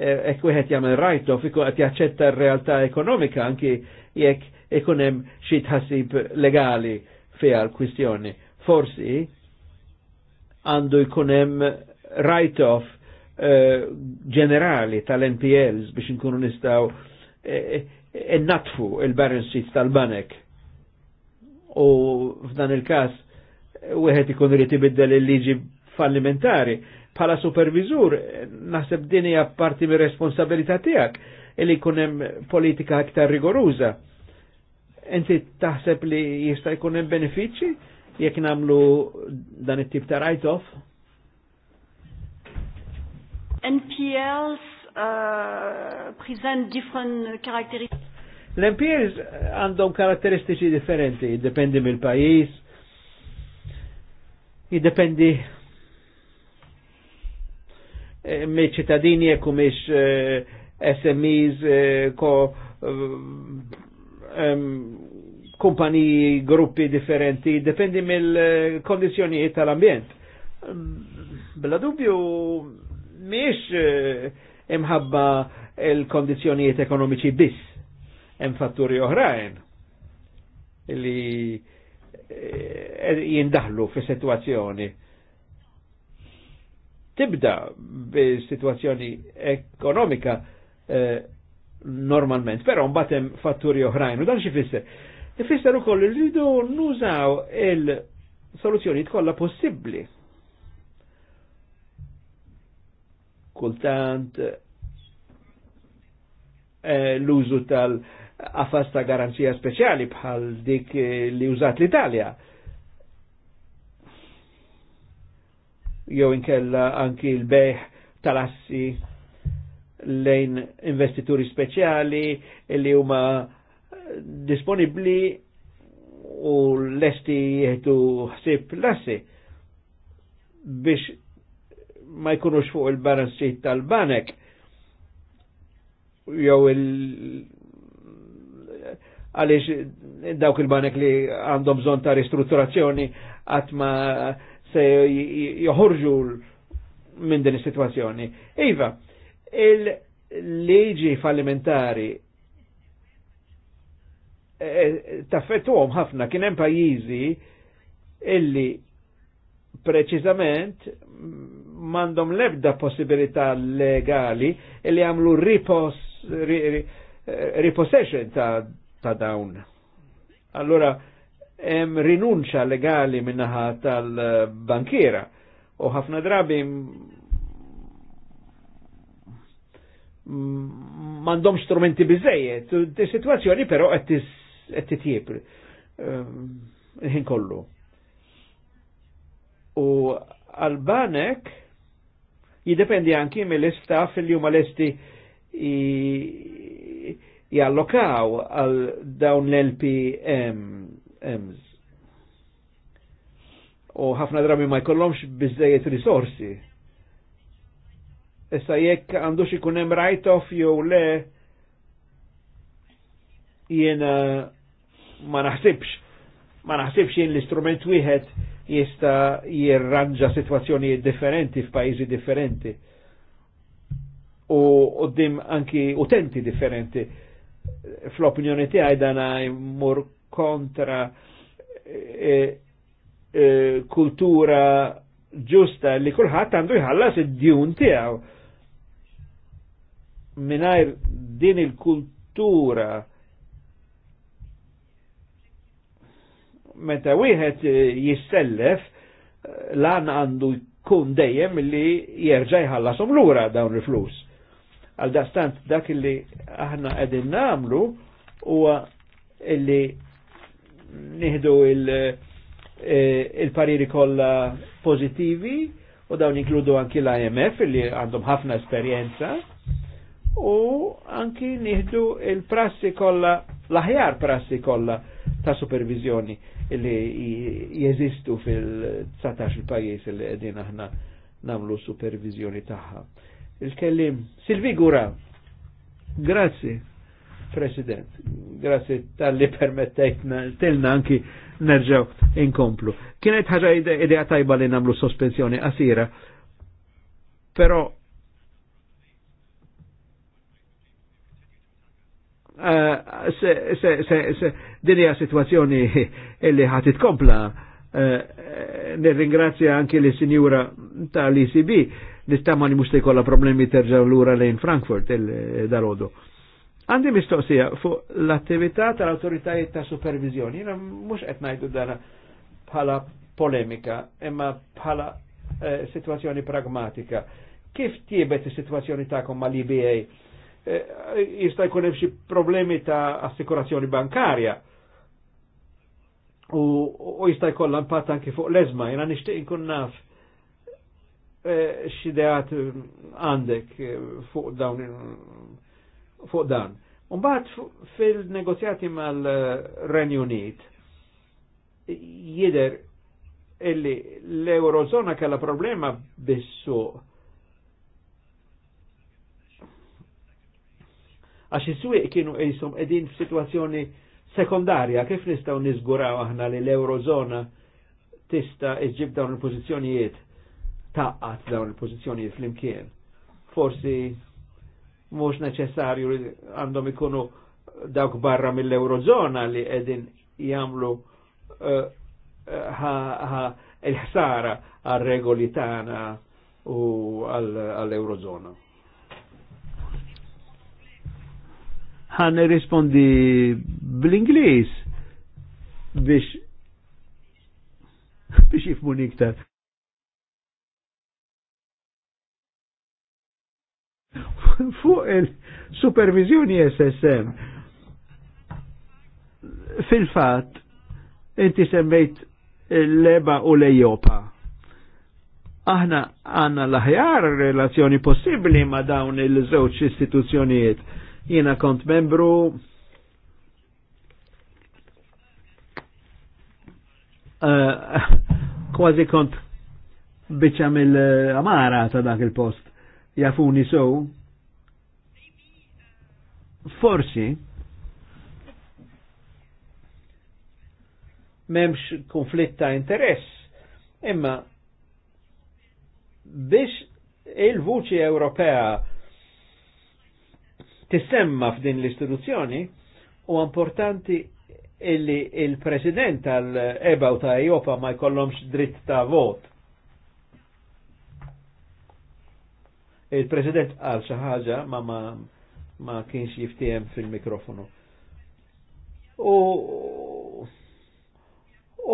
[SPEAKER 1] hekk e, wieħed jagħmel rajtof ikun qed jaċċetta r-realtà ekonomika anki jekk ikun hemm xi tħassib legali fiha l-kwistjoni. Forsi għandu jkun hemm write-off e, ġenerali tal-NPLs biex nkunu nistaw innatfu e, il-balance sheets tal-banek u f'dan il-kas wieħed ikun rriti biddel il-liġi fallimentari. Pala supervizur naħseb din hija parti mir responsabilità tiegħek li kunem hemm politika aktar rigoruza. Enti taħseb li jista' jkun hemm benefiċċji jekk nagħmlu dan it-tip ta' write-off?
[SPEAKER 4] NPLs uh, present different characteristics
[SPEAKER 1] l empires għandhom karatteristiċi differenti, jiddependi mill-pajis, jiddependi eh, me ċittadini e kumiex eh, SMEs, eh, ko kumpaniji, gruppi differenti, jiddependi mill-kondizjonijiet tal-ambjent. Bla dubju, miex imħabba il-kondizjonijiet ekonomiċi biss hemm fatturi oħrajn li eh, jindaħlu fi situazzjoni. Tibda bi-situazzjoni ekonomika eh, normalment, però mbagħad hemm fatturi oħrajn u dan xi fisser. Ifisser ukoll irridu nużaw il-soluzzjonijiet kollha possibbli. Kultant eh, l-użu tal- għafasta garanzija speċjali bħal dik eh, li użat l-Italja. Jow inkella anki l-bejħ tal-assi lejn investituri speċjali li huma disponibli u lesti jieħdu ħsib l-assi biex ma jkunux fuq il-balance tal-banek jew il għaliex eh, dawk il-banek li għandhom bżon ta' ristrutturazzjoni għatma se joħorġu minn din is-sitwazzjoni. Iva, il-leġi fallimentari għom eh, ħafna kien hemm pajjiżi illi preċiżament m'għandhom l-ebda possibilità legali illi għamlu ripos eh, ripossession ta' ta' dawn. Allora, hemm rinunċa legali minnaħa tal-bankiera u ħafna drabi mandom strumenti bizzejiet, situazzjoni però qed titjib ehm, ħin kollu. U għal-banek jidependi anki mill-istaff il huma lesti jallokaw għal dawn l-LPMs. U ħafna drabi ma jkollhomx bizzejiet risorsi. Issa jekk għandux ikun hemm right off jew le jiena ma naħsibx ma naħsibx jien l-istrument wieħed jista jirranġa situazzjonijiet differenti f'pajjiżi differenti u qoddim anki utenti differenti fl-opinjoni tiegħi dan jmur kontra eh, eh, kultura ġusta li kulħadd għandu jħallas id-djun tiegħu. Mingħajr din il-kultura meta wieħed jissellef lan għandu jkun dejjem li jerġa' jħallasom lura dawn il-flus Għal dastant dak li aħna qegħdin namlu u illi nieħdu eh, il-pariri kolla kollha pożittivi u dawn inkludu anki l-IMF li għandhom ħafna esperjenza u anki nieħdu il-prassi kollha l-aħjar prassi kollha ta' supervizjoni li jeżistu fil-19 pajjiż li qegħdin aħna namlu supervizjoni tagħha il-kellim. Silvi Gura, grazie, President, grazie tal-li permettajtna, telna anki nerġaw inkomplu. Kienet ħaġa idea tajba li namlu sospensjoni asira, pero uh, eh, se, se, se, se dinja situazzjoni illi ħatit kompla. Uh, eh, eh, nirringrazzja anki li sinjura tal-ICB nittama li mux jkollha problemi terġa' lura lejn Frankfurt il-dalodu. Eh, Għandi mistoqsija fuq l-attività tal-autoritajiet ta' supervizjoni, Jena mux qed ngħidu dana bħala polemika, imma bħala eh, situazzjoni pragmatika. Kif tiebet is-sitwazzjoni tagħkom mal-IBA? Eh, jista' jkun hemm xi problemi ta' assikurazzjoni bankarja. U, jista' jkollha impatt anke fuq l-eżma, jena nixtieq inkun naf Eh, xideat eh, għandek eh, fuq dawn fuq dan. Umbat fil-negozjati mal-Renju Unit jider illi l-Eurozona kalla problema bissu għax is-swieq kienu qishom qegħdin f'sitwazzjoni sekondarja kif nistgħu niżguraw aħna li l-Eurozona tista' iġib dawn il-pożizzjonijiet taqqat dawn il-pozizjoni fl-imkien. Forsi mhux neċessarju li għandhom ikunu dawk barra mill-Eurozona li qegħdin jagħmlu eh, eh, il-ħsara għal regoli tagħna u għall-Eurozona. Ħan rispondi bl-Ingliż biex biex jifmu iktar. fuq il-supervizjoni SSM. Fil-fat, inti semmejt l-leba u l-ejopa. Aħna għanna l-aħjar relazzjoni possibli ma dawn il-żewġ istituzzjonijiet. Jiena kont membru eh, kważi kont biċa mill-amara ta' dak il-post. Jafuni so, forsi memx konflitt ta' interess, imma biex il-vuċi Ewropea tissemma f'din l-istituzzjoni u importanti illi il-president tal-EBA u ta' Ejopa ma jkollomx dritt ta' vot. Il-president għal xaħġa ma ma' ma kienx jiftijem fil-mikrofonu. U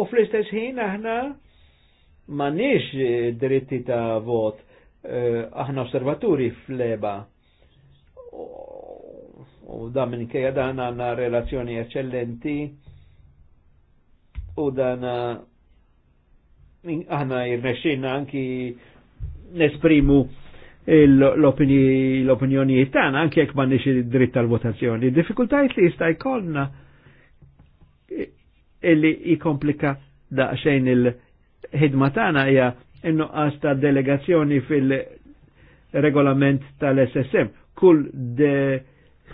[SPEAKER 1] u fl-istess ħin aħna ma nix eh, dritti ta' vot, eh, aħna osservaturi fl-eba. U da minn kejja dan għanna relazzjoni eccellenti u dan eh, aħna jirnexxina anki nesprimu l-opinjonijiet tagħna anke jekk m'għandniex id-dritt tal-votazzjoni. Diffikultajiet li jista' jkollna illi jikomplika daqsxejn il-ħidma tagħna hija en-nuqqas ta' delegazzjoni fil-regolament tal-SSM. Kull de,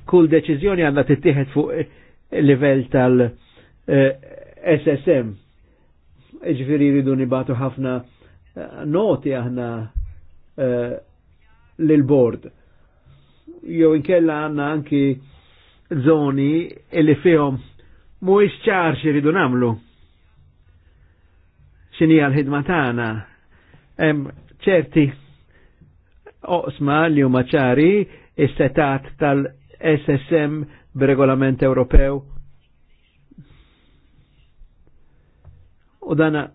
[SPEAKER 1] kull deċiżjoni għandha tittieħed fuq livell tal-SSM. Ġifieri ridu nibatu ħafna noti aħna eh, l-bord. Jew inkella għanna anki zoni illi fihom mhuwiex ċar ridu namlu. X'inhi l-ħidma tagħna. ċerti oqsma li huma ċari istetat tal-SSM b'regolament Ewropew u dana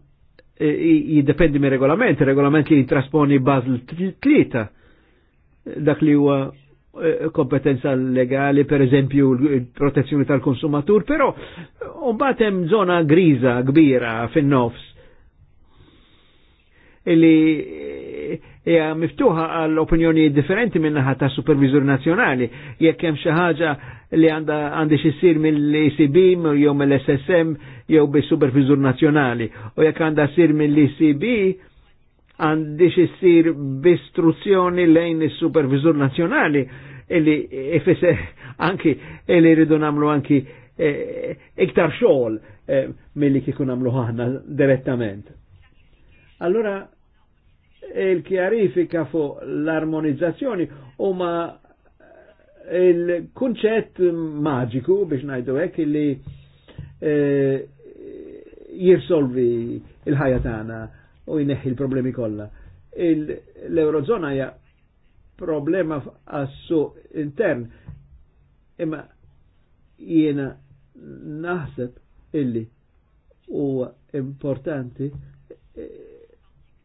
[SPEAKER 1] e, jiddependi mir regolament, regolament li jintrasponi Basel 3, dak li huwa eh, kompetenza legali, per eżempju protezzjoni tal-konsumatur, però mbagħad hemm zona griża kbira fin-nofs illi eh, hija miftuħa għal opinjoni differenti minnaħa ta' supervizur nazzjonali jekk hemm xi ħaġa li għandha għandi xissir mill-ECB jew mill-SSM jew bis supervizur nazzjonali u jekk għandha sir mill-ECB għandix jissir bistruzzjoni lejn il supervisur nazjonali illi ifisse anki illi rridu namlu anki eh, iktar e, xogħol e, milli kieku namlu ħahna direttament. Allora il-kjarifika fuq l-armonizzazzjoni huma eh, il-kunċett maġiku biex ngħidu hekk illi jirsolvi il-ħajja tagħna u jneħħi l-problemi kollha. L-Eurozona hija problema għassu intern, imma jiena naħseb illi u importanti eh,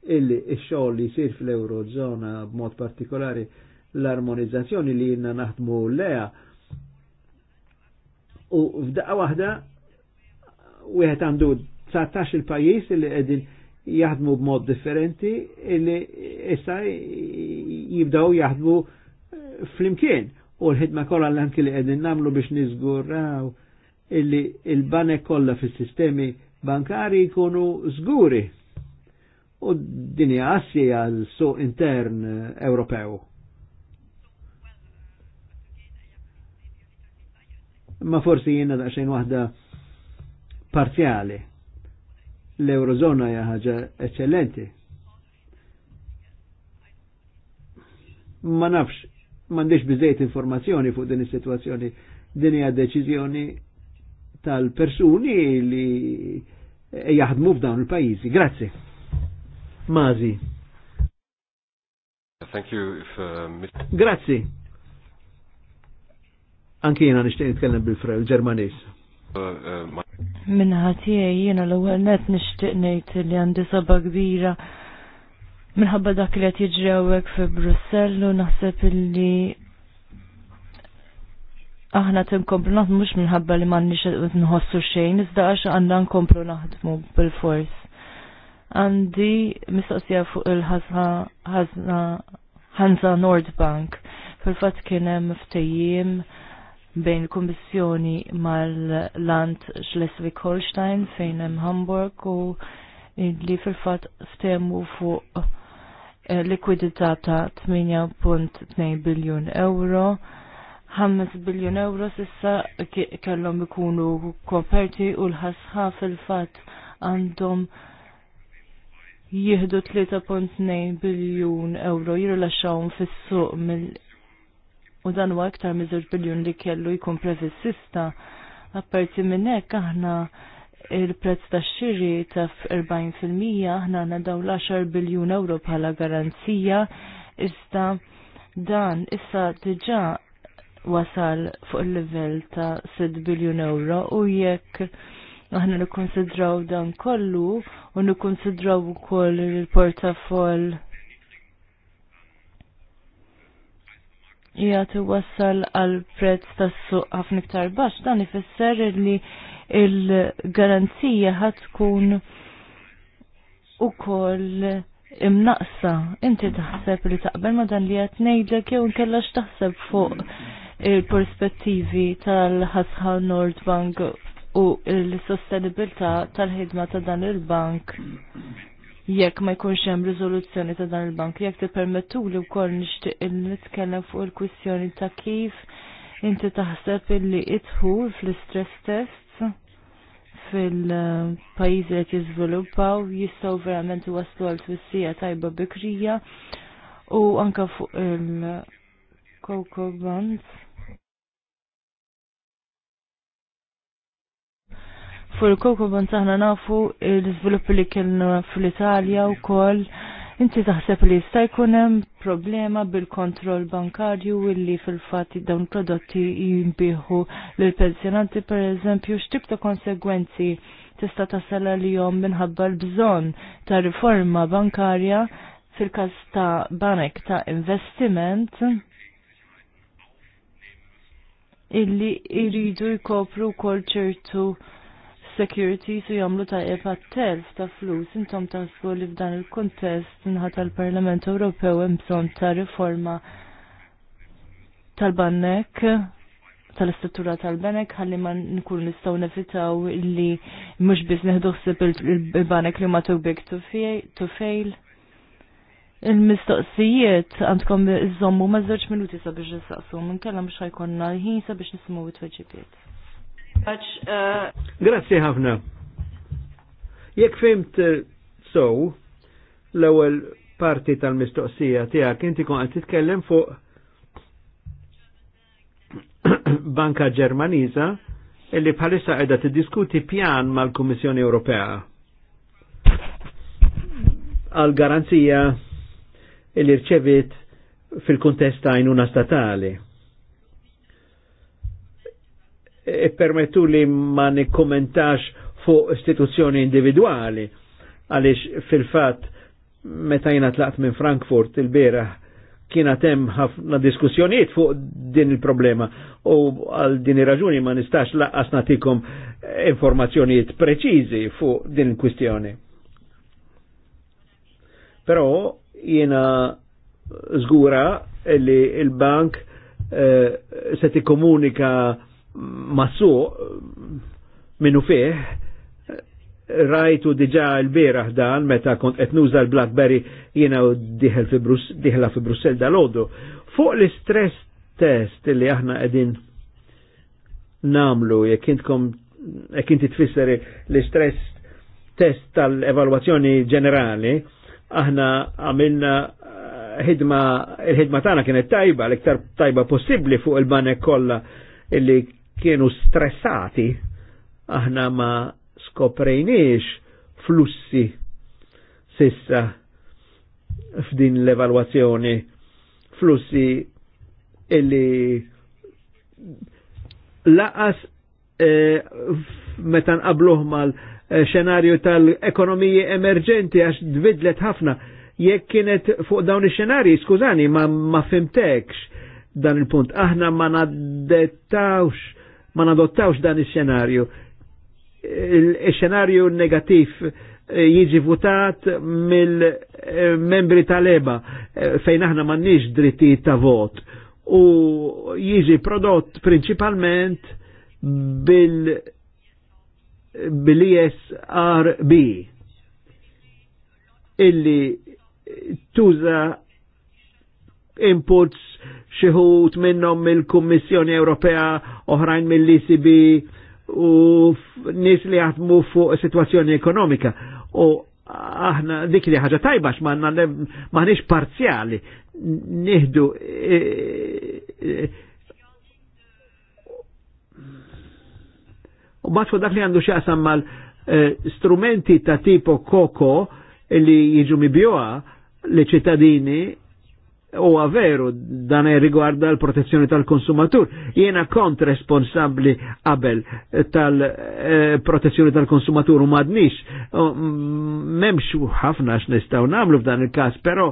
[SPEAKER 1] illi il-xogħol li jsir fl-Eurozona b'mod partikolari l-armonizzazzjoni li jiena naħdmu leha u f'daqqa waħda wieħed għandu 19 il-pajjiż illi qegħdin jaħdmu b'mod differenti illi issa jibdaw jaħdmu eh, flimkien u l-ħidma kollha l-anki li qegħdin nagħmlu biex nizguraw illi il-banek kollha fis-sistemi bankari jkunu żguri. U dini għassi assi għal su intern Ewropew. Ma forsi jiena daqsxejn wahda parzjali l-Eurozona hija ħaġa eċċellenti. Ma nafx, m'għandix biżejt informazzjoni fuq din is-sitwazzjoni. Din hija deċiżjoni tal-persuni li jaħdmu f'dawn il-pajjiżi. Grazzi. Mazi.
[SPEAKER 5] Thank you if, uh,
[SPEAKER 1] Grazzi. Anki jiena nixtieq nitkellem bil il-Ġermaniż. Uh, uh,
[SPEAKER 3] minnaħat tiegħi jiena l-ewwel net nixtieq ngħid li għandi soba kbira minħabba dak li qed jiġri hawnhekk fi Brussell u naħseb illi aħna tinkomplu naħdmu mhux minħabba li m'għandniex nħossu xejn, iżda għax għandna nkomplu naħdmu bil-fors. Għandi mistoqsija fuq il-ħazna Hansa Bank Fil-fatt kien hemm ftejjim bejn il-Kommissjoni mal-Land Schleswig-Holstein fejn hemm Hamburg u li fil-fatt stemmu fuq eh, likwidità ta' 8.2 biljun euro. 5 biljun euro sissa kellhom ikunu koperti u l-ħasħa fil-fatt għandhom jihdu 3.2 biljun euro jiru laxawm fis-suq mill u dan huwa iktar miżur biljun li kellu jkun previssista. Apparti minn hekk aħna il-prezz ta' xiri ta' 40% aħna għandna daw l-10 biljun euro bħala garanzija iżda dan issa diġà wasal fuq il-livell ta' 6 biljun euro u jekk aħna nikkonsidraw dan kollu u nikkonsidraw ukoll il-portafol jgħati wassal għal prezz tas-suq ħafna iktar baxx dan ifisser li il-garanzija ħad tkun ukoll imnaqsa. Inti taħseb li taqbel ma dan li qed ngħidlek jew nkellax x'taħseb fuq il-perspettivi tal-ħasħa Nordbank u l sostenibilta tal-ħidma ta' dan il-bank jekk ma jkunx hemm riżoluzzjoni ta' dan il-bank. Jekk tippermettu li wkoll nixtieq nitkellem fuq il-kwistjoni ta' kif inti taħseb illi idħul fl-istress test fil-pajjiżi qed jiżviluppaw jistgħu verament waslu għal twissija tajba bikrija u anka fuq il-Coco Bonds Fuq il-koko banzaħna nafu l-izviluppi li kellna fl-Italja u koll. Inti taħseb li jista' jkun hemm problema bil-kontroll bankarju li fil-fatt dawn prodotti l-pensionanti pensjonanti pereżempju x'tib ta' konsegwenzi tista' li jom minħabba l-bżonn ta' riforma bankarja fil-każ ta' banek ta' investiment illi jridu jkopru kol ċertu Security su jamlu ta' epa telf ta' flus intom ta' li f'dan il-kontest nħat tal-Parlament Ewropew imson ta' riforma tal-bannek tal-istruttura tal-banek ħalli ma nkun nistgħu nefitaw li mhux biss neħdu il-banek li ma tubik to fail. Il-mistoqsijiet għandkom iżommu ma' żewġ minuti sabiex nistaqsu minn kellha mhux ħajkonna l-ħin sabiex nisimgħu it-tweġibiet. Uh,
[SPEAKER 1] Grazzi ħafna. Jekk fimt eh, sow l-ewwel parti tal-mistoqsija tiegħek inti kon qed titkellem fuq Banka Ġermaniża illi bħalissa qiegħda tiddiskuti pjan mal-Kummissjoni Ewropea għal garanzija illi rċevit fil-kuntest ta' statali E permettu li ma nikkommentax fuq istituzzjoni individuali għaliex fil-fat meta jina tlaqt minn Frankfurt il-beraħ kiena tem ħafna diskussjonijiet fuq din il-problema u għal din il raġuni ma nistax laqqas natikom informazzjonijiet preċiżi fuq din il-kwistjoni. Però jiena żgura li il-bank eh, se tikkomunika komunika so minnu fih rajtu diġa l-beraħ dan meta kont qed l-Blackberry jiena u diħla fi, Brussel Brussell dal-għodu. Fuq l-istress test li aħna qegħdin namlu jekk intkom jekk inti l-istress test tal-evalwazzjoni ġenerali, aħna għamilna eh, ħidma il-ħidma tagħna kienet tajba l-iktar tajba possibbli fuq il-banek kollha illi kienu stressati, aħna ma skoprejniex flussi sissa f'din l-evalwazzjoni, flussi illi laqas eh, metan qabluħ mal eh, xenarju tal-ekonomiji emerġenti għax dvidlet ħafna. Jekk kienet fuq dawn ix-xenarji, skużani, ma, ma fimtekx dan il-punt. Aħna ma naddettawx ma nadottawx dan is-xenarju. Is-xenarju negattiv eh, jiġi votat mill-membri eh, tal-eba eh, fejn aħna m'għandniex drittijiet ta' vot u jiġi prodott principalment bil bil-ISRB illi tuża inputs xieħut minnom mill-Kummissjoni Ewropea, oħrajn mill-ICB u nis li jaħdmu fuq situazzjoni ekonomika. U aħna dik li ħaġa tajba maħniex parzjali nieħdu e, e, e, u bat dak li għandu xaqsam mal strumenti ta' tipo koko li jiġu mibjuha li ċittadini u veru dan e riguarda l-protezzjoni tal-konsumatur. Jiena kont responsabli qabel tal-protezzjoni tal-konsumatur u madnix. Mm, memx ħafna x'nistgħu nagħmlu f'dan il-każ, però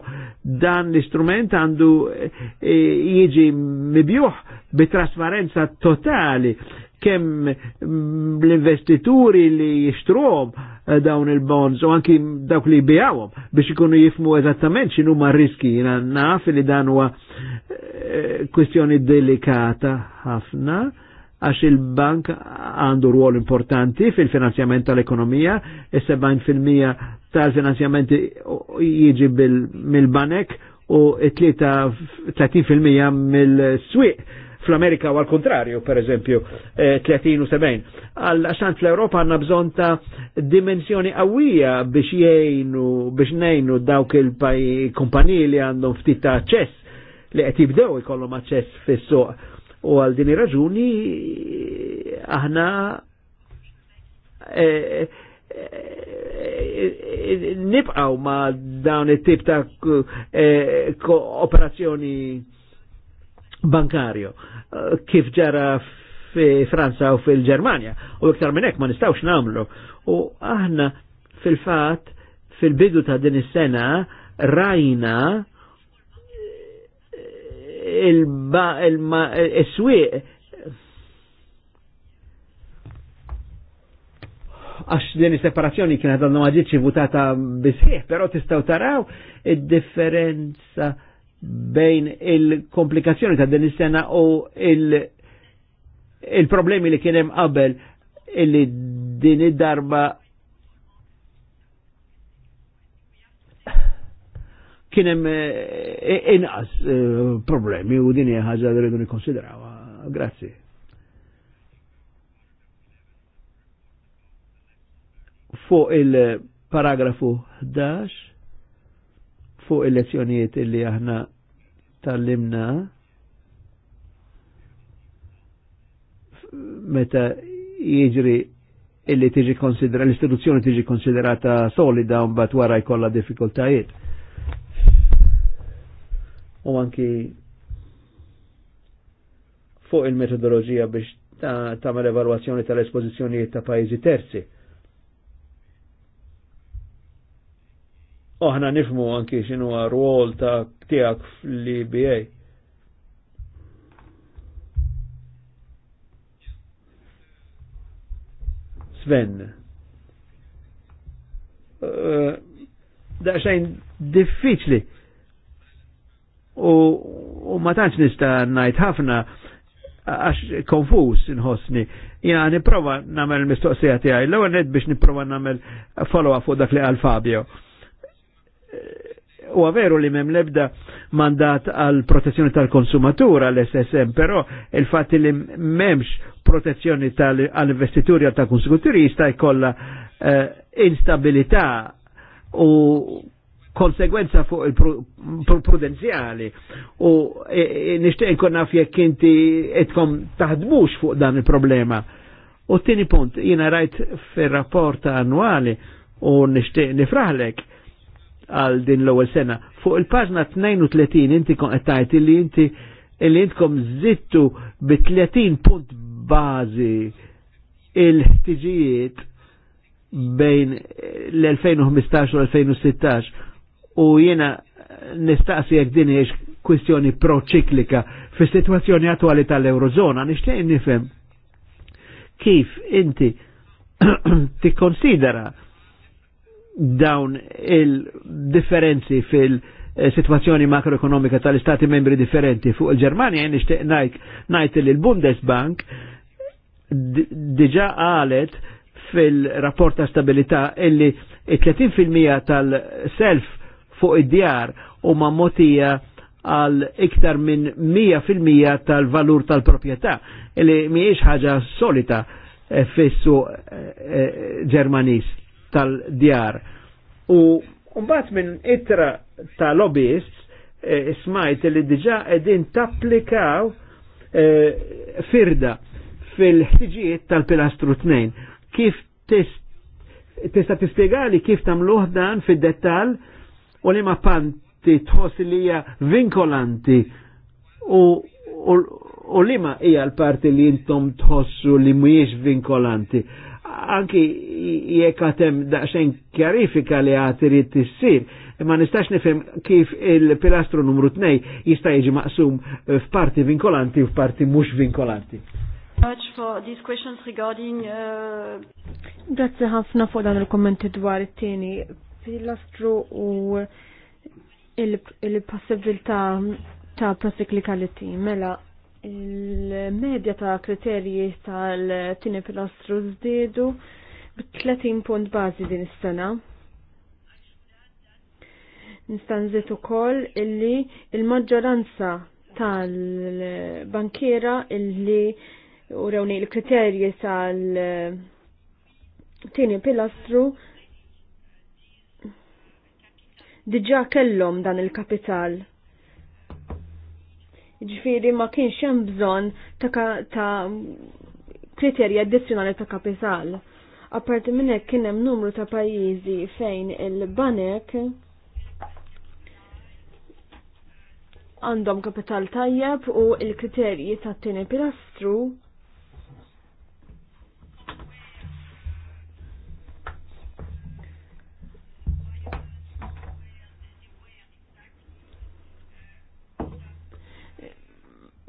[SPEAKER 1] dan l-istrument għandu e, jiġi mibjuħ bi trasparenza totali kemm mm, l-investituri li jishtruhom eh, dawn il-bonds u anki dawk li jibijawom biex ikunu jifmu eżattament xinu ma' riski jina naf li dan huwa eh, kwestjoni delikata ħafna għax il-bank għandu ruol importanti fil-finanzjament tal-ekonomija, is-70% tal-finanzjamenti jieġi mill-banek u 30% mill-swiq. Fl-Amerika u għal-kontrarju, per eżempju, 30 eh, u 70. Għal-għaxant fl-Europa għanna bżon ta' dimensjoni għawija biex jgħinu, biex nejnu dawk il paj kompani li għandhom ftit ta' ċess li qed jibdew ikollhom aċċess fis-suq. U għal din raġuni aħna eh, eh, nibqaw ma dawn it-tip ta' operazzjoni bankarju eh, kif ġara fi Franza u fil-Germania u iktar minn hekk ma nistgħux nagħmlu. U aħna fil-fatt fil-bidu ta' din is-sena rajna eh, il ba il ma għax din separazzjoni kienet għadna maġiċi votata bisħieħ, pero tistaw taraw id-differenza bejn il-komplikazzjoni ta' din is-sena u il-problemi il li kien hemm qabel illi din id-darba kien hemm eh, eh, inqas eh, problemi u din hija ħaġa li rridu nikkonsidrawha. Grazzi. Fuq il-paragrafu 11 fuq il-lezzjonijiet illi aħna tal-limna meta jiġri illi tiġi konsidera, l-istituzzjoni tiġi konsiderata solida un bat wara jkolla diffikultajiet. U anki fuq il-metodologija biex tagħmel ta evalwazzjoni tal-espożizzjonijiet ta' pajjiżi terzi Oħna nifmu anki xinu rwol ta' tijak fl-IBA. Sven. Eh, da' xajn diffiċli. U, ma tantx nista' ngħid ħafna għax konfus nħosni. Jina niprofa namel mistoqsija tiegħi, l-ewwel biex niprofa namel follow-up u dak li għal Fabio u veru li mem lebda mandat għal protezzjoni tal-konsumatur l SSM, però il-fatti li memx protezzjoni tal-investituri għal tal-konsumaturi jista jkolla uh, eh, instabilità u konsegwenza fuq il-prudenzjali u e, e, nishtiq nkun naf jekk inti etkom taħdmux fuq dan il-problema. U t-tini punt, jina rajt fil-rapport annuali u nishtiq nifraħlek għal din l-ewwel sena. Fuq il-paġna 32 inti kon qed li inti li intkom zittu bi 30 punt bażi il-ħtiġijiet bejn l-2015 u l-2016 u jiena nistaqsi jekk din hiex kwistjoni proċiklika fis-sitwazzjoni attwali tal-Eurozona, nixtieq nifhem kif inti tikkonsidera dawn il-differenzi fil-situazzjoni makroekonomika tal-istati membri differenti fuq il-Germania, nishtiq najt li l-Bundesbank diġa għalet fil-rapport ta' stabilità illi 30% tal-self fuq id-djar u ma' motija għal iktar minn 100% tal-valur tal-propieta illi miex ħaġa solita fissu eh, eh, ġermanis tal-djar. U mbagħad minn itra ta' lobbyists eh, smajt li diġà qegħdin tapplikaw eh, firda fil-ħtiġijiet tal-pilastru 2. Kif tista' tispjegali kif tagħmluh dan fid-dettall u li ma panti tħoss li hija vinkolanti u, u, u li ma hija l-parti li intom tħossu li mhijiex vinkolanti anki jekk għatem daqsxejn kjarifika li għad irid tissir, ma nistax nifem kif il-pilastru numru 2 jista' jiġi maqsum f'parti vinkolanti u f'parti mhux vinkolanti.
[SPEAKER 4] Much for these questions regarding uh,
[SPEAKER 2] Grazie Grazzi ħafna fuq dan il-kommenti dwar it-tieni
[SPEAKER 4] pilastru u
[SPEAKER 2] il-possibilità ta' prosiklikaliti. Mela, il-medja ta' kriterji tal-tini pilastru żdiedu b-30 punt bażi din is-sena. Nistanżit ukoll illi il-maġġoranza tal-bankiera illi urawni il-kriterji tal-tini pilastru diġa kellhom dan il-kapital Ġifiri ma kienx hemm bżonn ta', ta kriterji addizzjonali ta' kapital. Apparti minn hekk kien hemm numru ta' pajjiżi fejn il-banek għandhom kapital tajjeb u l kriterji tat-tieni pilastru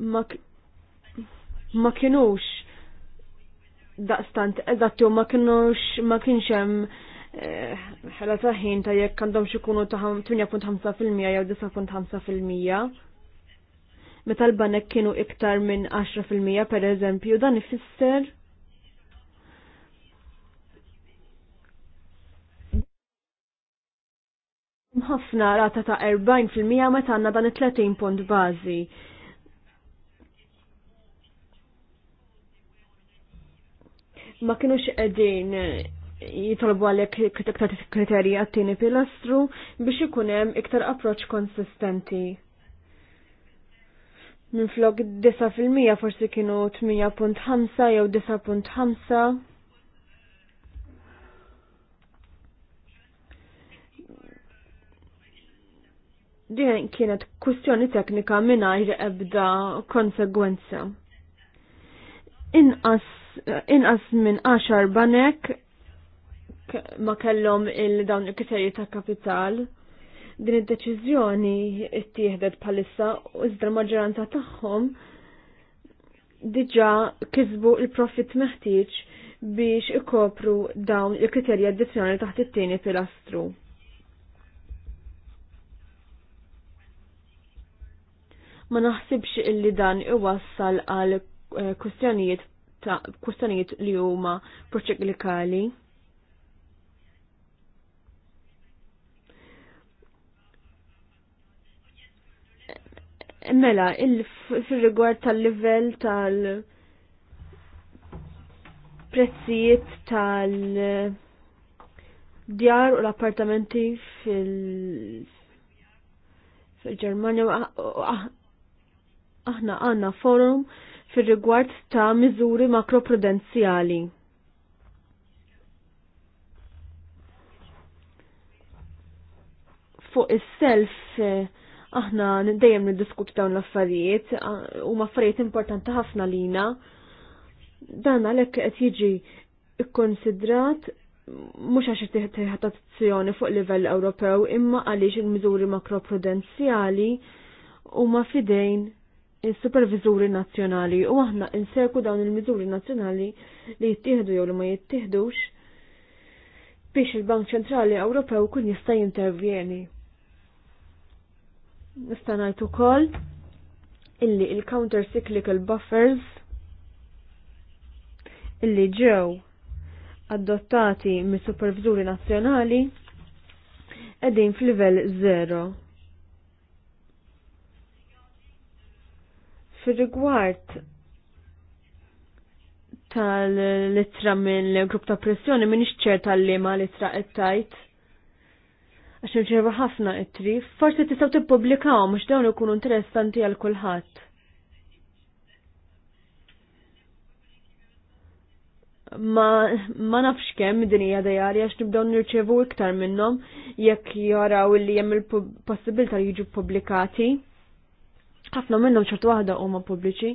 [SPEAKER 2] ma kienux daqstant eżattu, ma kienux ma kienx hemm eh, ħela taħin ta' jekk għandhom xikunu ta' 8.5% jew 9.5%. Meta l-banek kienu iktar minn 10% per eżempju, dan ifisser ħafna rata ta' 40% meta għandna dan 30 punt bażi. ma kienux qegħdin jitolbu għalek kriterija kriterji għattini pilastru biex ikunem iktar approċ konsistenti. Minn flok 10% forsi kienu 8.5 jew 9.5. Din kienet kustjoni teknika minn ebda konsegwenza. Inqas inqas minn 10 banek ma kellhom il-dawn il-kriterji ta' kapital. Din id-deċiżjoni ttieħdet bħalissa u iżda l-maġġoranza tagħhom diġà kisbu il-profit meħtieġ biex ikopru dawn il-kriterji addizzjonali taħt it-tieni pilastru. Ma naħsibx illi dan iwassal għal eh, kustjonijiet ta' kwistjonijiet li huma proċiklikali. Mela, il rigward tal-livell tal- prezzijiet tal djar u l-appartamenti fil ġermania aħna għanna forum fir-rigward ta' miżuri makroprudenzjali. Fuq is-self eh, aħna dejjem niddiskutu dawn l-affarijiet u affarijiet importanti ħafna lina. Dan għalhekk qed jiġi ikkonsidrat mhux għax tiħat azzjoni fuq livell Ewropew imma għaliex il-miżuri makroprudenzjali huma fidejn il-supervizuri nazjonali u aħna inserku dawn il-miżuri nazjonali li jittieħdu jew li ma jittieħdux biex il-Bank Ċentrali Ewropew kun jista' jintervjeni. Nista' ngħid ukoll illi il-counter cyclical buffers illi ġew adottati mis supervizuri nazzjonali qegħdin fil-livell zero Fir-rigward tal-litra minn grupp ta' pressjoni minn iċċer tal-li ma' litra ettajt. Għax nċerba ħafna ittri, forse tistaw t-publikaw, mux dawn ikunu interessanti għal kulħadd. Ma, ma nafx kemm din hija dejari għax nibdew nirċevu iktar minnhom jekk jaraw li hemm il-possibilità li jiġu pubblikati ħafna minnhom ċertu waħda huma pubbliċi.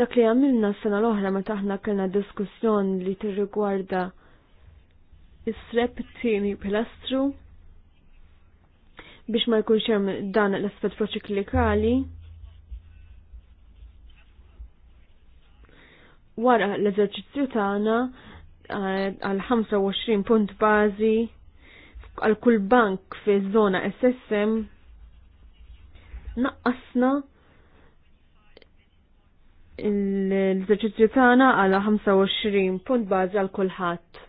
[SPEAKER 2] Dak li għamilna s-sena l-oħra meta aħna kellna diskussjoni li tirrigwarda is-sreb pilastru biex ma jkunx hemm dan l-aspett proċiklikali. Wara l-eżerċizzju tagħna eh, għal 25 punt bażi għal kull bank fi żona SSM naqqasna l-eżerċizzju tagħna għal 25 punt bażi għal kulħadd.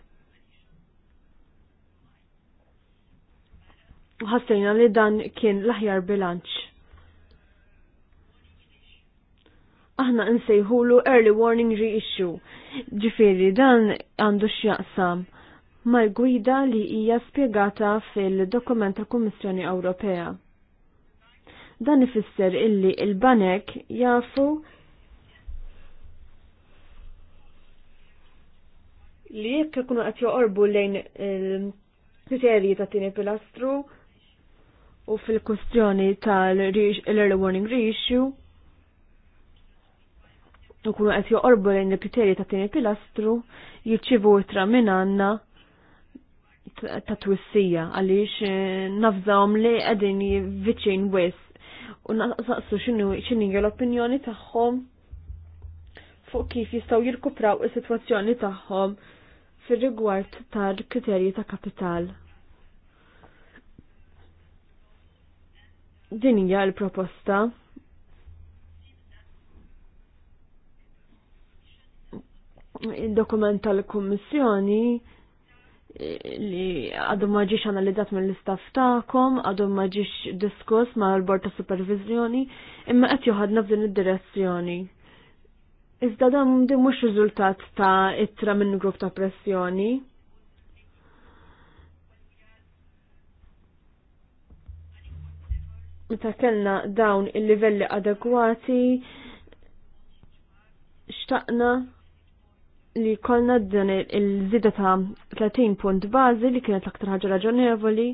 [SPEAKER 2] Ħassejna li dan kien l-aħjar bilanċ. Aħna nsejħulu early warning reissue. Ġifieri dan għandu x'jaqsam mal-gwida li hija spjegata fil-dokument tal-Kummissjoni Ewropea. Dan ifisser illi il-banek jafu li jekk ikunu qed joqorbu lejn il kriterji ta' tieni pilastru u fil kwistjoni tal-early warning ratio u kunu qed joqorbu lejn il-kriterji ta' tieni pilastru jirċivu tra minn għandna ta' twissija għaliex eh, nafżawhom li qegħdin viċin wis u naqsaqsu x'inhu x'inhi l-opinjoni tagħhom fuq kif jistgħu jirkupraw is-sitwazzjoni tagħhom fir-rigward tal-kriterji ta' kapital. Din hija l-proposta. Il-dokument tal-Kummissjoni li għadu maġiċ analizzat mill istaff ta'kom, għadu maġiċ diskuss ma' l-Bord ta' Supervizjoni, imma qed joħadna f'din id-direzzjoni. Iżda dam di mux riżultat ta' ittra minn grupp ta' pressjoni. Meta kellna dawn il-livelli adekwati, xtaqna li kolna d-dan il-zida ta' 30 punt bazi li kienet l-aktar ħagġa raġonevoli.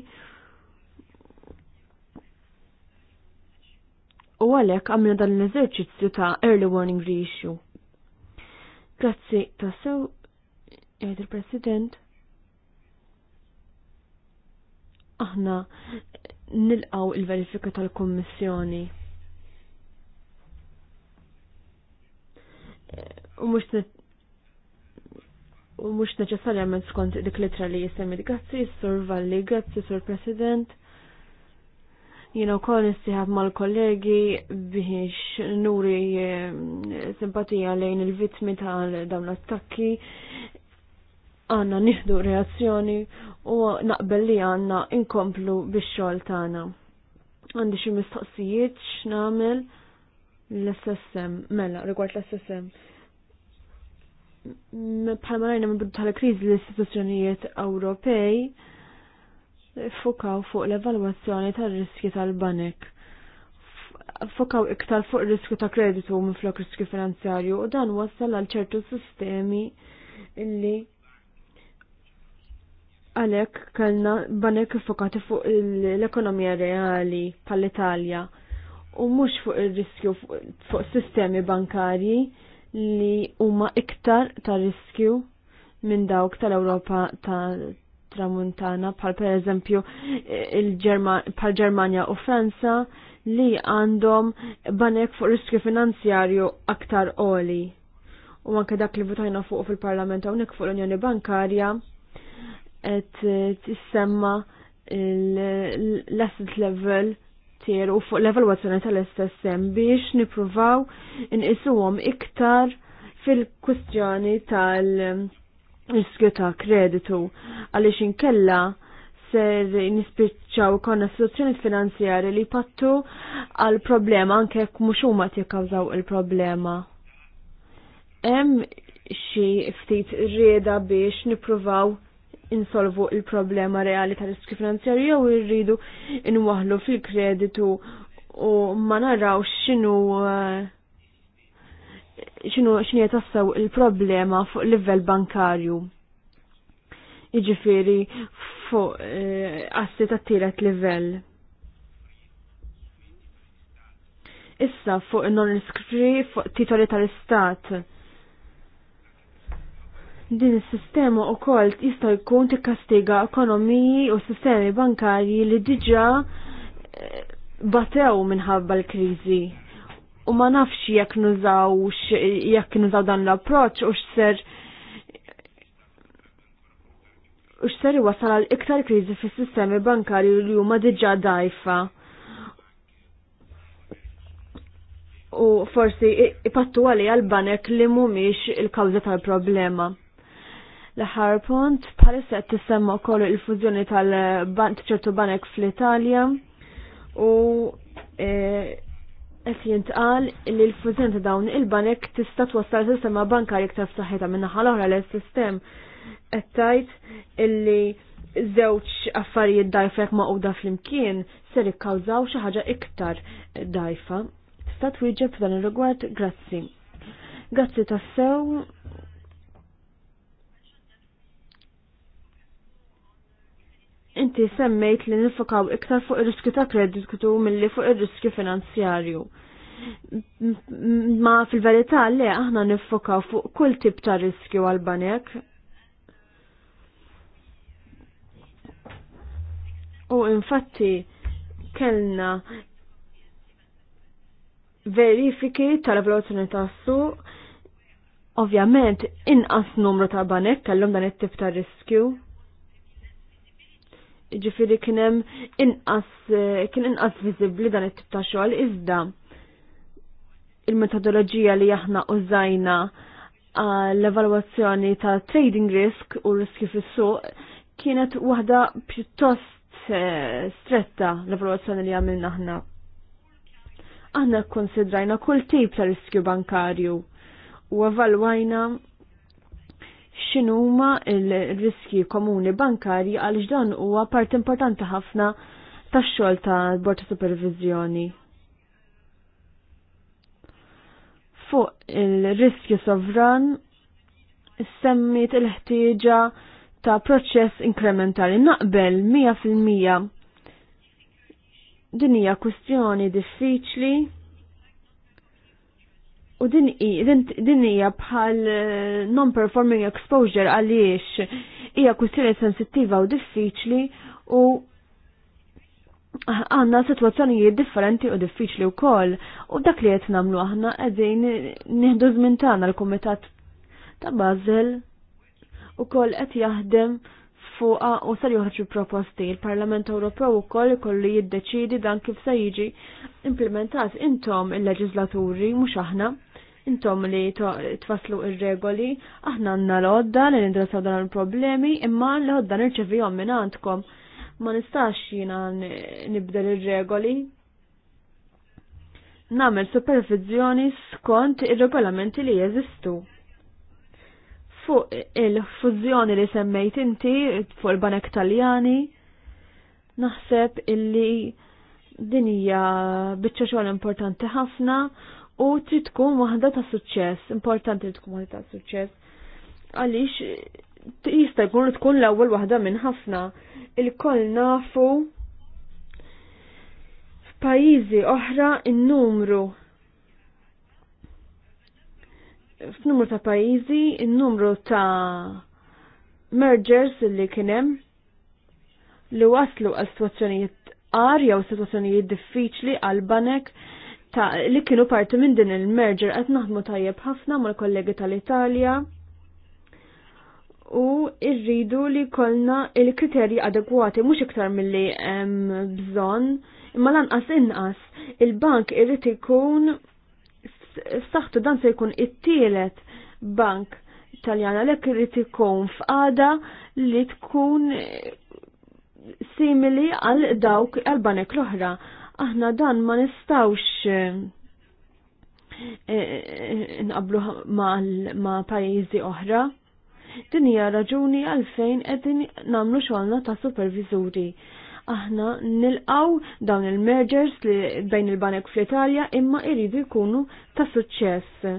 [SPEAKER 2] U għalek għamna dan l-eżerċizzju ta' early warning reissue. Grazzi tassew, jgħid president Aħna nilqaw il-verifika tal-Kommissjoni. U mux u mux neċessarjament skont dik litra li jisemmi grazzi, sur Valli, grazzi, sur President. Jina u koll nistiħab mal-kollegi biex nuri eh, simpatija lejn il-vitmi tal dawn attakki għanna nieħdu reazzjoni u naqbel li għanna inkomplu biex xogħol tagħna. Għandi xie mistoqsijiet xnamil l-SSM, mela, rigward l-SSM. Bħalma rajna minn bidu tal-kriżi l-istituzzjonijiet Ewropej fukaw fuq l-evalwazzjoni tal-riski tal-banek. Fukaw iktar fuq riskju ta' kreditu minflok riskju finanzjarju u dan wassal għal ċertu sistemi illi għalek kellna banek fukati fuq l-ekonomija reali pal-Italja u mux fuq il-riskju fuq sistemi bankarji li huma iktar ta' riskju minn dawk tal-Ewropa ta' tramuntana pal per eżempju bħal Ġermanja u Franza li għandhom banek fuq riskju finanzjarju aktar oli. U anke dak li votajna fuq fil-Parlament hawnhekk fuq l-Unjoni Bankarja qed tissemma l-asset level tier u fuq l-evalwazzjoni tal-SSM biex nippruvaw inqisuhom iktar fil-kwistjoni tal- riskju ta' kreditu għaliex inkella ser nispiċċaw konna istituzzjoni finanzjari li pattu għal problema anke jekk mhux huma tikkawżaw il-problema. Hemm xi ftit rieda biex nippruvaw insolvu il-problema reali ta' riskju finanzjarju jew irridu inwaħlu fil-kreditu u ma narawx x'inhu uh, xinu xinu jatassaw il-problema fuq livell bankarju. Iġifiri fuq eh, assi ta' tielet livell. Issa fuq non-iskri fuq titoli tal-istat. Din is-sistema wkoll jista' jkun tikkastiga ekonomiji u sistemi bankarji li diġà eh, batew minħabba l-kriżi u ma nafx jekk nużaw jekk nużaw dan l-approċ u x'ser u x'ser wasal għal iktar kriżi fis-sistemi bankari li huma diġà dajfa. U forsi ipattu għalli għal-banek li mumiex il-kawza tal-problema. L-ħar punt, palissa qed tissemma wkoll il-fużjoni tal-ċertu banek fl-Italja u eh, qed jintqal li l-fużjon ta' dawn il-banek tista' twassal sistema bankarja iktar f'saħħitha min-naħa l-oħra l sistem qed tajt illi żewġ affarijiet dajfa jekk fl flimkien ser ikkawżaw xi ħaġa iktar dajfa. Tista' twieġeb f'dan ir-rigward grazzi. Grazzi tassew Inti semmejt li nifokaw iktar fuq ir-riski ta' kreditu milli fuq ir-riski finanzjarju. Ma fil-verità le aħna nifokaw fuq kull tip ta' riskju għal-banek. U infatti kellna verifiki tal evoluzjoni ta' su ovvjament inqas numru ta' banek kellhom dan it-tip ta' riskju ġifiri kienem inqas, kien inqas viżibbli dan it-tip ta' xogħol iżda il-metodoloġija li aħna użajna l-evalwazzjoni ta' trading risk u riski fis-suq kienet waħda pjuttost eh, stretta l-evalwazzjoni li għamilna aħna. Aħna konsidrajna kull tip ta' riskju bankarju u evalwajna x'inhuma il riski komuni bankarji għaliex dan huwa part importanti ħafna tax-xogħol ta' Bord ta' Supervizjoni. Fuq il-riskju sovran semmit il-ħtieġa ta' proċess inkrementali naqbel 100% din hija kwistjoni diffiċli U din hija bħal eh, non-performing exposure għaliex hija kwistjoni sensittiva u diffiċli u għanna situazzjonijiet differenti u diffiċli u koll u dak li qed nagħmlu aħna qegħdin nieħdu żmien tagħna l-kumitat ta' Basel u koll qed jaħdem fuqa u sar joħorġu proposti. Il-Parlament Ewropew ukoll ikollu jiddeċidi dan kif se jiġi implementat intom il-leġislaturi mhux aħna intom li tfasslu ir-regoli, aħna għandna l-għodda li nindrasaw dan il-problemi, imma l-għodda nirċevijom minn għandkom. Ma nistax jina nibdel ir-regoli. Namel supervizjoni skont ir-regolamenti li jeżistu. Fuq il-fużjoni li semmejt inti fuq il-banek taljani, naħseb illi dinija bitċa xogħol importanti ħafna u trid tkun waħda ta' suċċess, importanti li tkun waħda ta' suċċess. Għaliex jista' jkun tkun l-ewwel waħda minn ħafna. Il-koll nafu f'pajjiżi oħra n numru f'numru ta' pajjiżi in-numru ta' mergers li kien hemm li waslu għal situazzjonijiet għar jew situazzjonijiet diffiċli għal banek ta' li kienu parti minn din il-merger qed naħdmu tajjeb ħafna mal-kollegi tal-Italja u irridu li kolna il-kriterji adegwati mhux iktar milli hemm bżonn imma lanqas inqas il-bank irrid ikun f'saħħtu dan se jkun it-tielet bank taljana lek irrid ikun f'qada li tkun simili għal dawk għal banek l-oħra aħna dan ma nistawx eh, eh, nqablu ma pajjiżi oħra. Din hija raġuni għalfejn qegħdin nagħmlu xogħolna ta' supervizuri. Aħna nilqaw dawn il-mergers li bejn il-banek fl-Italja imma jridu jkunu ta' suċċess.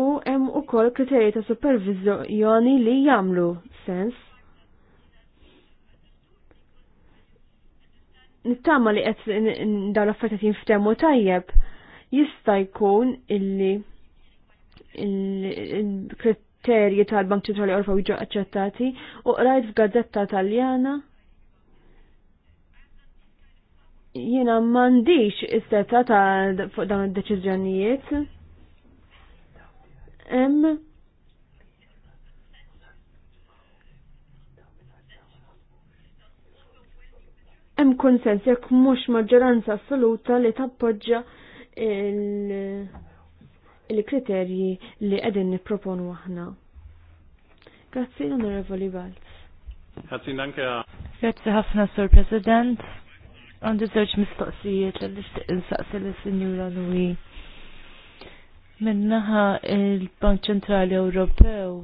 [SPEAKER 2] U hemm ukoll kriterji ta' supervizjoni li jagħmlu sens nittama li qed dawn l-affarijiet jinftemu tajjeb jista' jkun illi il-kriterji tal-Bank Ċentrali Ewropew jiġu aċċettati u qrajt f'gazzetta Taljana jiena m'għandix is-seta ta' fuq dawn id-deċiżjonijiet. Hemm hemm konsens jekk mhux maġġoranza assoluta li tappoġġa il-kriterji li qegħdin nipproponu aħna. Grazzi onorevoli Balz.
[SPEAKER 4] Grazzi anke.
[SPEAKER 3] Grazzi ħafna Sur President. Għandi żewġ mistoqsijiet li nixtieq insaqsi lis-Sinjura Nui. Minnaħa il-Bank Ċentrali Ewropew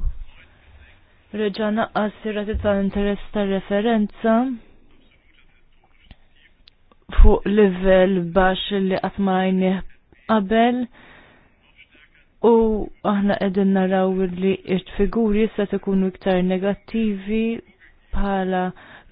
[SPEAKER 3] reġa naqqas ir-rati tal-interess tar-referenza fuq livell baxx li qatt ma qabel u aħna qegħdin naraw li t-figuri sa ikunu iktar negattivi bħala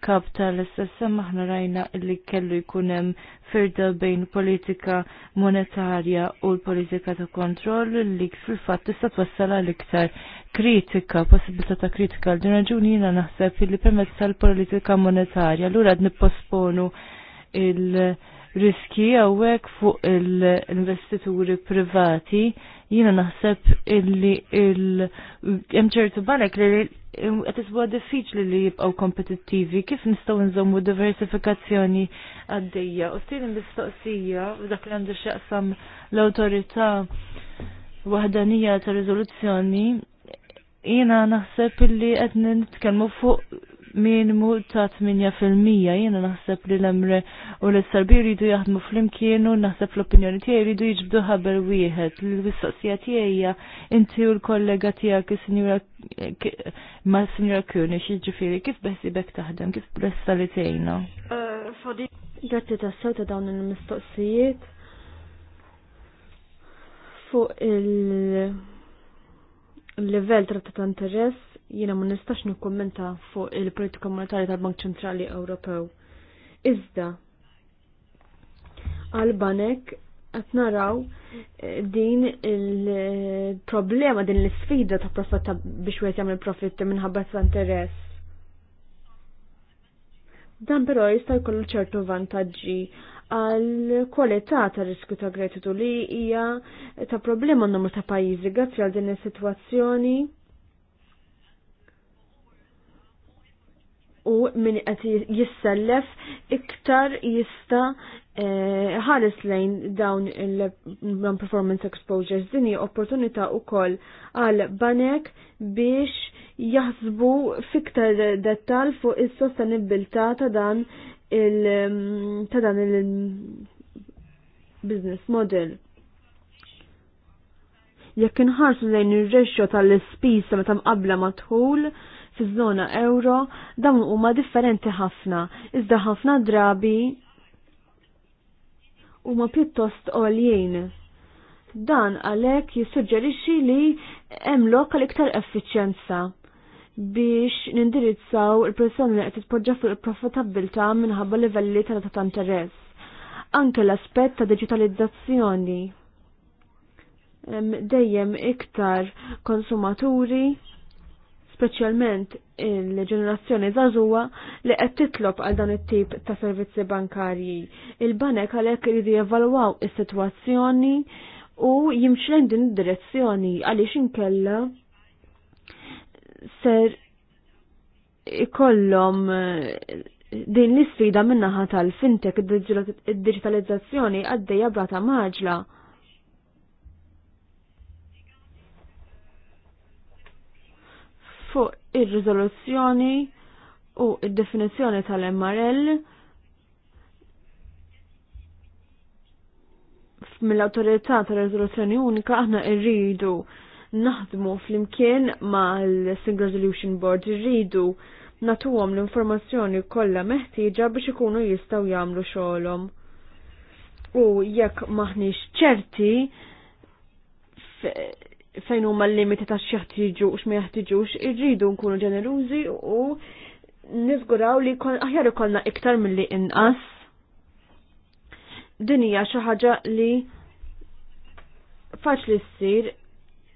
[SPEAKER 3] kap tal-SSM aħna rajna li kellu jkun hemm firda bejn politika monetarja u l-politika ta' kontroll li fil-fatt tista' twassal għal iktar kritika, possibilità ta' kritika għal din raġuni naħseb li permezz tal-politika monetarja lura urad nipposponu il-riski għawek fuq il-investituri privati jina naħseb illi il-mċertu banek li għatisbu diffiċli li jibqaw kompetittivi kif nistaw nżommu diversifikazzjoni għaddeja u t mistoqsija u dak li għandu xaqsam l-autorita wahdanija ta' rizoluzzjoni jina naħseb illi għed nitkelmu fuq minimu ta' 8% jiena naħseb li l-emre u l-sarbi rridu jaħdmu fl-imkienu naħseb l-opinjoni tiegħi rridu jiġbdu ħabel wieħed. L-istoqsija tiegħi inti u l-kollega tiegħek is-sinjura ma' sinjura Kuni xiġifieri kif beħsibek taħdem, kif blessa li tgħinha.
[SPEAKER 2] Grazzi tassew ta' dawn il-mistoqsijiet fuq il-level ta' interess Jiena ma nistax nikkommenta fuq il-politika monetarja tal-Bank Ċentrali Ewropew. Iżda għal banek qed naraw eh, din il-problema din l-sfida ta' profitta biex wieħed jagħmel profit minħabba ta' interess. Dan però jista' jkollu ċertu vantaġġi għal kwalità ta' risku ta' kreditu li hija ta' problema n-numru ta' pajjiżi grazzi għal din is-sitwazzjoni u min qed jissellef iktar jista eh, ħares lejn dawn il-performance exposures dini opportunità wkoll għal banek biex jaħsbu fiktar dettal fuq is-sostenibilità ta' dan il mm, ta' dan il business model. Jekk inħarsu lejn ir-rexxo tal-ispisa meta mqabbla matħul, fiż-żona euro dawn huma differenti ħafna, iżda ħafna drabi huma pjuttost għoljien. Dan għalhekk jissuġġerixxi li hemm lokal iktar effiċjenza biex nindirizzaw il-persuni li qed titpoġġa fuq il-profitabilità minħabba livelli tal-ta' interess. Anke l-aspett ta' digitalizzazzjoni dejjem iktar konsumaturi speċjalment il-ġenerazzjoni zazuwa li qed titlob għal dan it-tip ta' servizzi bankarji. Il-banek għalhekk iridu jevalwaw is-sitwazzjoni u jimxejn din id-direzzjoni għaliex inkella ser ikollhom eh, din l-isfida minnaħa tal-fintech id-digitalizzazzjoni għaddejja brata maġla fuq ir-riżoluzzjoni u id-definizzjoni tal-MRL mill-autorità tal-riżoluzzjoni unika aħna irridu naħdmu fl-imkien mal-Single Resolution Board irridu natuhom l-informazzjoni kollha meħtieġa biex ikunu jistgħu jagħmlu xogħolhom. U jekk maħniex ċerti fejn huma l-limiti ta' x'jeħtieġu u x'ma jaħtiġux, irridu nkunu ġenerużi u niżguraw li aħjar ikollna iktar milli inqas. Din hija xi ħaġa li faċli ssir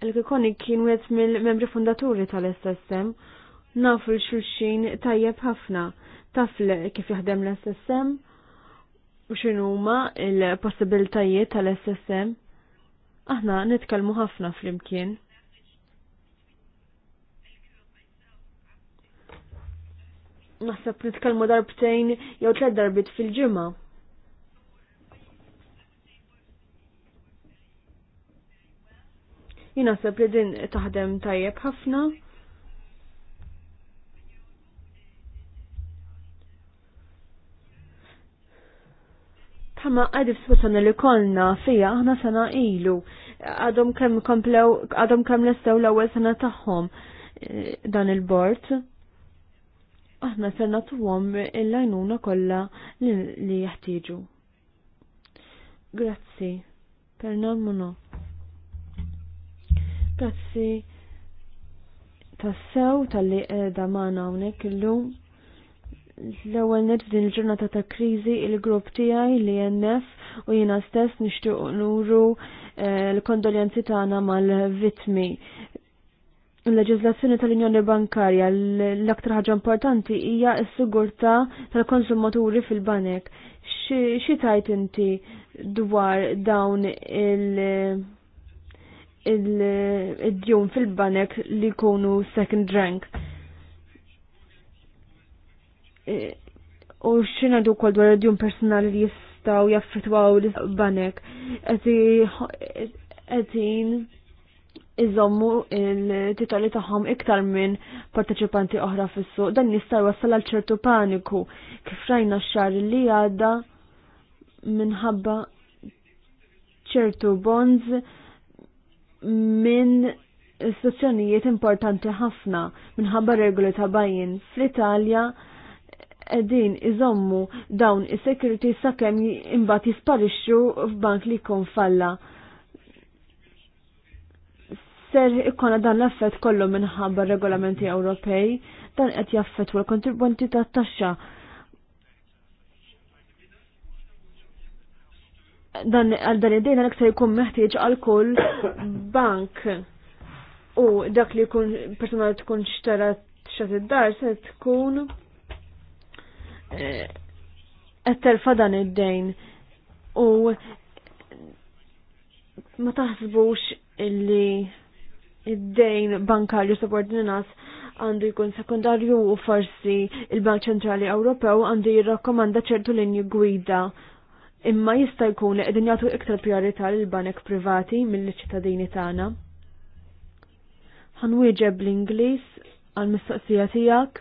[SPEAKER 2] l-kikoni kien wieħed mill-membri fundaturi tal-SSM nafu l-xulxin tajjeb ħafna taf kif jaħdem l-SSM u x'inhuma l-possibiltajiet tal-SSM Aħna nitkellmu ħafna flimkien. Naħseb nitkellmu darbtejn jew tliet darbit fil-ġimgħa. Jien naħseb li din taħdem tajjeb ħafna. Tama għadif s li kolna fija aħna sana ilu għadhom kemm komplew għadhom kemm nistgħu l-ewwel sena tagħhom eh, dan il-bord. Aħna se nagħtuhom il-lajnuna kollha li jeħtieġu. Grazzi. Per Mono. Grazzi tassew tal-li edha eh, maħna unek l-lum l-ewel net f'din il-ġurnata ta' krizi il-grupp tijaj li jennef u jina stess nishtuq nuru Eh, l-kondoljanzi tagħna mal-vitmi. Il-leġislazzjoni tal-Unjoni Bankarja l-aktar ħaġa importanti hija s-sigurtà tal-konsumaturi fil-banek. Xi tajt inti dwar dawn il- il-djum fil-banek li kunu second rank eh, u xinadu kol dwar id-djum personali li jistaw jaffitwaw l-banek. Għedin iżommu il-titoli taħħom iktar minn parteċipanti oħra fissu. Dan jista' wassal għal ċertu paniku kif rajna x-xar li għadda minħabba ċertu bonz minn istazzjonijiet importanti ħafna minħabba regoli ta' bajin. Fl-Italja edin iżommu dawn is security sakemm imbagħad jisparixxu f'bank li jkun falla. Ser ikkona dan l-affett kollu minħabba regolamenti Ewropej, dan qed jaffettwa l-kontribwenti tat-taxxa. Dan għal dan id-dejna l-iktar jkun meħtieġ għal kull bank u dak li jkun persona tkun xtara xat id-dar se tkun Eh, qed fadan dan id-dejn u ma taħsbux illi id-dejn bankarju subordinat għandu jkun sekundarju u forsi il-Bank Ċentrali Ewropew għandu jirrakkomanda ċertu linji gwida imma jista' jkun li qegħdin jagħtu iktar priorità lil banek privati mill-ċittadini tagħna. Ħanwieġeb l-Ingliż għal mistoqsija tiegħek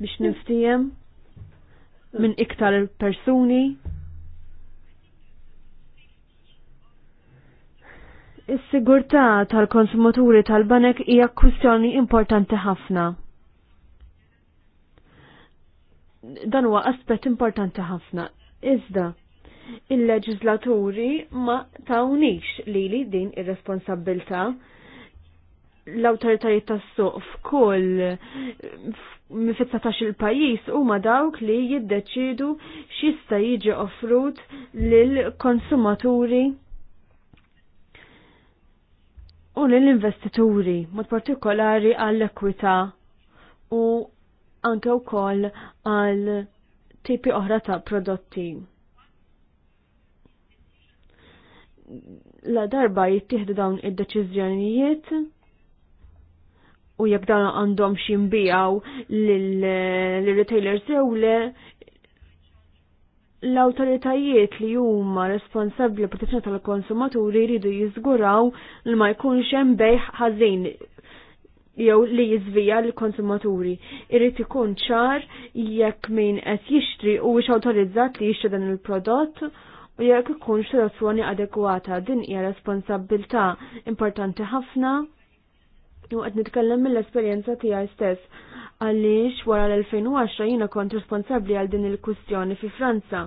[SPEAKER 2] biex niftijem minn iktar persuni. Is-sigurtà tal-konsumaturi tal-banek hija kwistjoni importanti ħafna. Dan huwa aspett importanti ħafna. Iżda, il-leġislaturi ma tawnix lili din ir-responsabilta l awtoritajiet tas-suq f'kull fit il-pajis huma dawk li jiddeċidu xista jiġi offrut lill-konsumaturi u lill-investituri, mod partikolari għall ekwita u anke wkoll għal tipi oħra ta' prodotti. La darba jittieħdu dawn id-deċiżjonijiet u jekk dan għandhom ximbijaw l-retailers jew l-autoritajiet li huma responsabbli protezzjoni tal-konsumaturi jridu jiżguraw li ma jkunx hemm bejħ ħażin jew li jizvija l-konsumaturi. Irrid ikun ċar jekk min qed jixtri u wiex awtorizzat li jixtri dan il-prodott u jekk ikun soluzzjoni adekwata din hija responsabbilta importanti ħafna U qed nitkellem mill-esperienza tiegħi stess, għaliex wara l-2010 jiena kont responsabbli għal din il-kwistjoni fi Franza.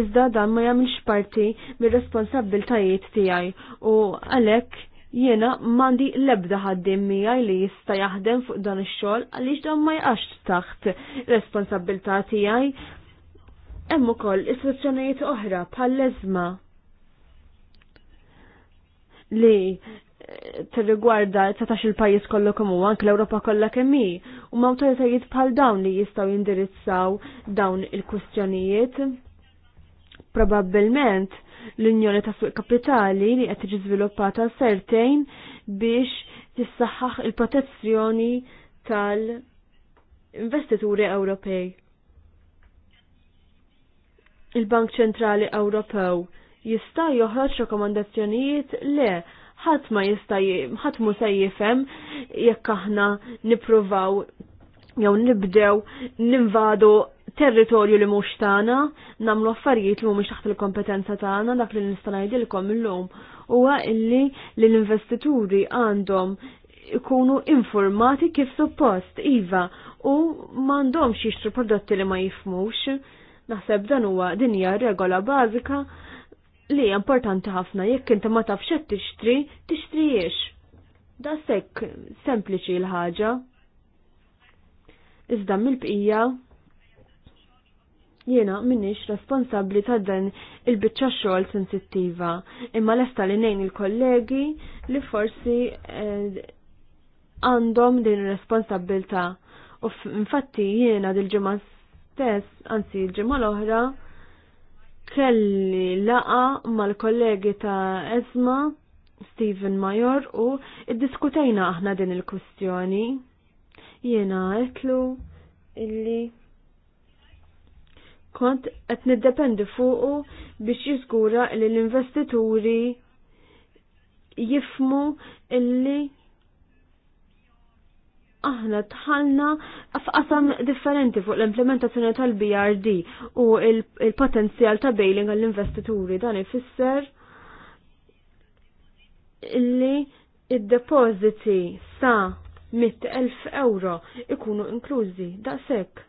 [SPEAKER 2] Iżda dan ma jagħmilx parti mir-responsabbiltajiet tiegħi u għalhekk jiena mandi lebda ħaddim miegħi li jista' jaħdem fuq dan ix-xogħol għaliex dan ma jqax taħt responsabbiltà tiegħi. Hemm ukoll istruzzjonijiet oħra bħal leżma li t setax il-pajjiż kollu komu, anke l-Ewropa kollha kemm hi, u awtoritajiet bħal dawn li jistgħu jindirizzaw dawn il-kwistjonijiet. Probabilment l-Unjoni ta' Suq Kapitali li qed tiġi żviluppata sertejn biex tissaħħaħ il-protezzjoni tal-investituri Ewropej. Il-Bank Ċentrali Ewropew jista' joħroġ rekomandazzjonijiet le ħadd ma jista' ħadd mu se jifhem jekk aħna nippruvaw jew nibdew ninvadu territorju li mhux tagħna, nagħmlu affarijiet li mhumiex taħt il-kompetenza tagħna dak li nista' ngħidilkom illum huwa illi l-investituri għandhom ikunu informati kif suppost, iva, u m'għandhomx jixtru prodotti li ma jifmux. Naħseb dan huwa dinja regola bażika li importanti ħafna jekk inti ma tafx qed tixtri, tixtrijiex. Da sekk sempliċi l-ħaġa. Iżda mill-bqija jiena minix responsabbli ta' dan il-biċċa xogħol sensittiva, imma lesta li nejn il-kollegi li forsi eh, għandhom din ir-responsabbilta. U infatti jiena dil-ġimgħa stess, anzi l-ġimgħa l-oħra, kelli laqa mal-kollegi ta' Ezma, Steven Major, u id diskutajna aħna din il-kustjoni. Jena għetlu illi kont qed niddependi fuqu biex jiżgura li l-investituri jifmu illi aħna tħalna f'qasam differenti fuq l-implementazzjoni tal-BRD u il-potenzjal ta' bailing għall-investituri dan ifisser li id depositi sa' 100.000 euro ikunu inklużi daqshekk.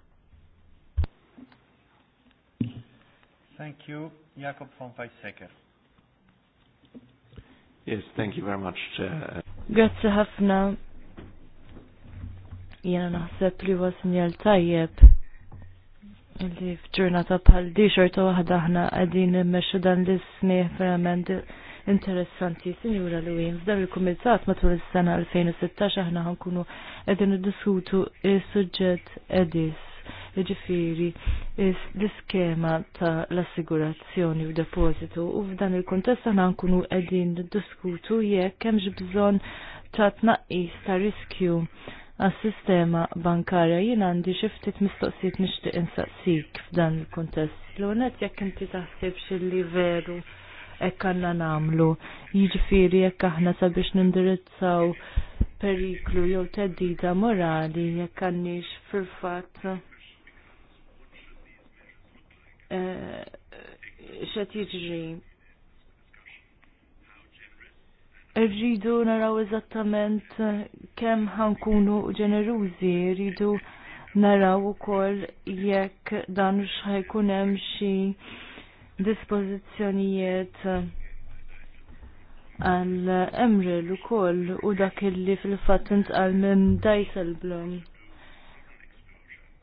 [SPEAKER 4] Thank you, Jakob von Weissecker. Yes, thank you very much.
[SPEAKER 3] Grazie ħafna. Jena naħseb li huwa sinjal tajjeb li f'ġurnata bħal di xorta waħda aħna qegħdin immexxu dan l-ismih verament interessanti. Sinjura Lewin, f'dan il-kumitat matul is-sena 2016 aħna ħankunu qegħdin niddiskutu is-suġġett EDIS, jiġifieri l-iskema ta' l-assigurazzjoni u depożitu u f'dan il-kuntest aħna nkunu qegħdin niddiskutu jekk hemmx bżonn ta' tnaqqis ta' riskju għas-sistema bankarja jien għandi xi ftit mistoqsijiet nixtieq insaqsik f'dan il-kuntest. L-unet jekk inti taħsibx xilli veru hekk għandna nagħmlu, jiġifieri jekk aħna sabiex nindirizzaw periklu jew teddida morali jekk għandniex fil-fatt eh, xed jiġri rridu naraw eżattament kemm ħankunu ġenerużi rridu naraw ukoll jekk dan x'ħajkun hemm xi dispożizzjonijiet għal Emrel u koll u dak li fil-fat intqal minn Dijsselblom.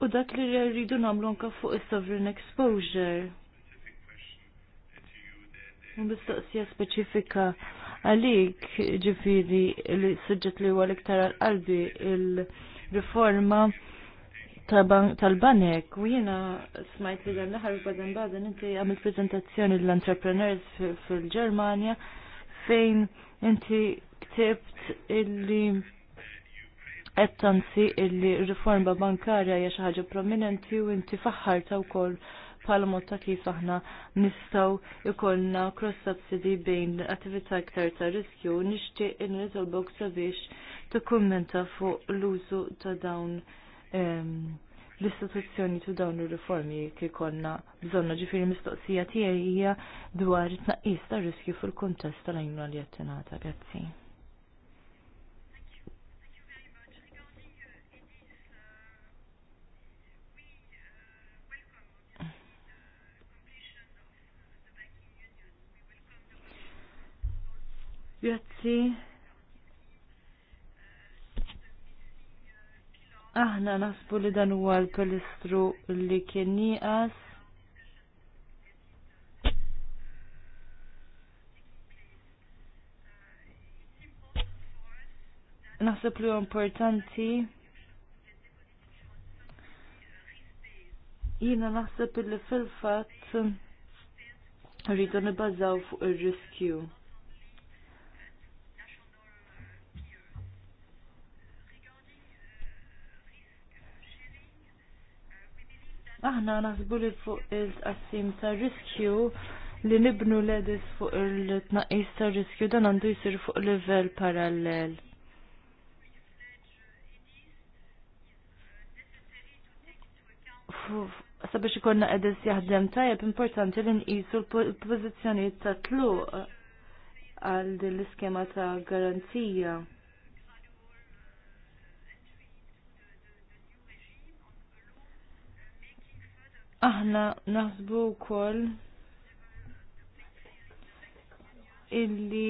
[SPEAKER 3] U dak li rridu namlu anka fuq is-sovereign exposure. mistoqsija speċifika għalik ġifiri li sujġet li huwa l-iktar għal-qalbi il-riforma tal-banek u jina smajt li dan l-ħar baden baden inti għamil prezentazzjoni l-entrepreneurs fil ġermania fejn inti ktibt illi qed tansi illi riforma bankarja hija xi ħaġa prominenti u inti ta' wkoll bħala mod ta' kif aħna nistgħu ikollna cross subsidy bejn attività iktar ta' riskju nixtieq inritolbok sabiex tikkummenta fuq l-użu ta' dawn ehm, l-istituzzjoni tu dawn il-riformi kif konna bżonna ġifiri mistoqsija tiegħi hija dwar it-tnaqqis ta' riskju fil-kuntest tal-għajnuna li qed tingħata. Grazzi. Grazzi. Aħna naħsbu li dan huwa l-palistru li kien nieqas naħseb li importanti jina naħseb li fil-fat rridu nibbażaw fuq ir-riskju. Aħna naħsbu li fuq il-tqassim ta' riskju li nibnu l-edis fuq il-tnaqis ta' riskju dan għandu jisir fuq livell parallel. sabiex ikonna edis jaħdem tajab importanti li nqisu l-pozizjoni ta' tluq għal din l-iskema ta' garanzija. Aħna naħsbu wkoll illi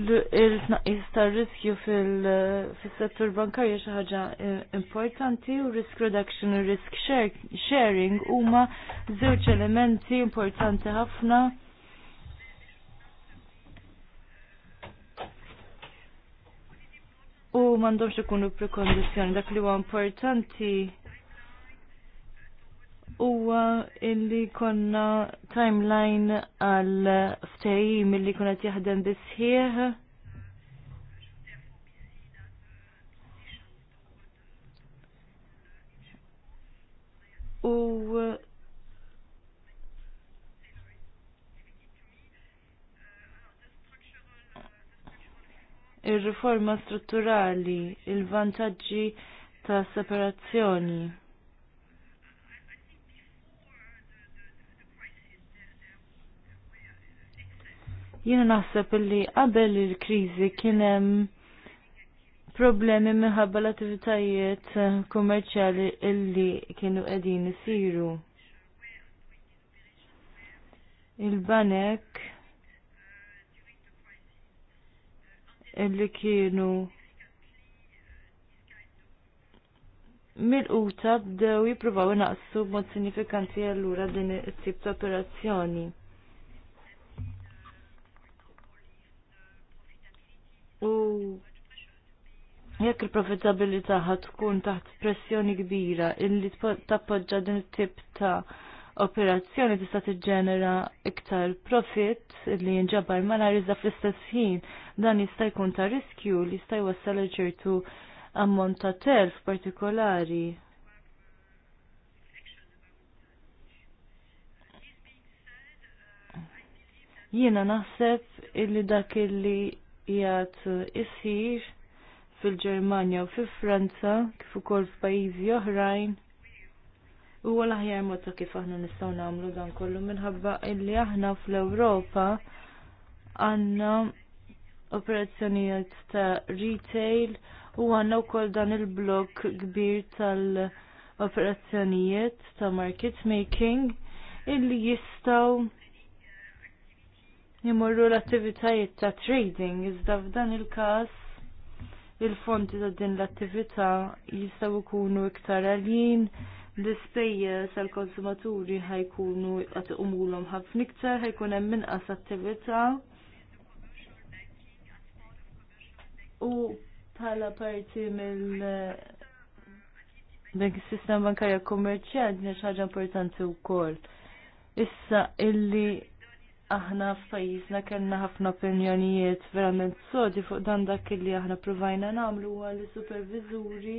[SPEAKER 3] il-tnaqis tar riskju fil-settur bankarju xi ħaġa eh, importanti u risk reduction u risk sharing huma żewġ elementi importanti ħafna. U m'għandhomx ikunu l-prekondizzjoni dak li huwa importanti huwa illi konna timeline għal ftehim illi kuna jaħdem bisħieħ. U il riforma strutturali, il-vantaġġi ta' separazzjoni. Jiena naħseb illi qabel il-kriżi kien hemm problemi minħabba l-attivitajiet kummerċjali illi kienu qegħdin isiru. Il-banek illi kienu mill-quta bdew jippruvaw inaqsu b'mod sinifikanti allura din it-tip ta' operazzjoni. jekk il-profitabilità ħad tkun taħt pressjoni kbira illi tappoġġa din it-tip ta' operazzjoni tista' tiġġenera iktar profit illi jinġabar mala iżda fl-istess ħin dan jista' jkun ta' riskju li jista' jwassal ċertu ammont ta' telf partikolari. Jiena naħseb illi dak illi jgħat isir fil-Ġermanja u fil Franza kif ukoll f'pajjiżi oħrajn huwa l-aħjar mod ta' kif aħna nistgħu nagħmlu dan kollu minħabba illi aħna fl-Ewropa għandna operazzjonijiet ta' retail u għandna wkoll dan il-blok kbir tal-operazzjonijiet ta' market making illi jistgħu jimorru l-attivitajiet ta' trading iżda f'dan il-każ il fonti ta' din l-attività jistgħu jkunu iktar għaljin l-ispejjeż sal konsumaturi ħajkunu qed umulhom ħafna iktar ħajkun hemm inqas attività. U bħala parti mill dak is-sistema bankarja kummerċjali din ħaġa importanti wkoll. Issa illi aħna f'pajjiżna kellna ħafna opinjonijiet verament sodi fuq dan dak li aħna pruvajna nagħmlu huwa li superviżuri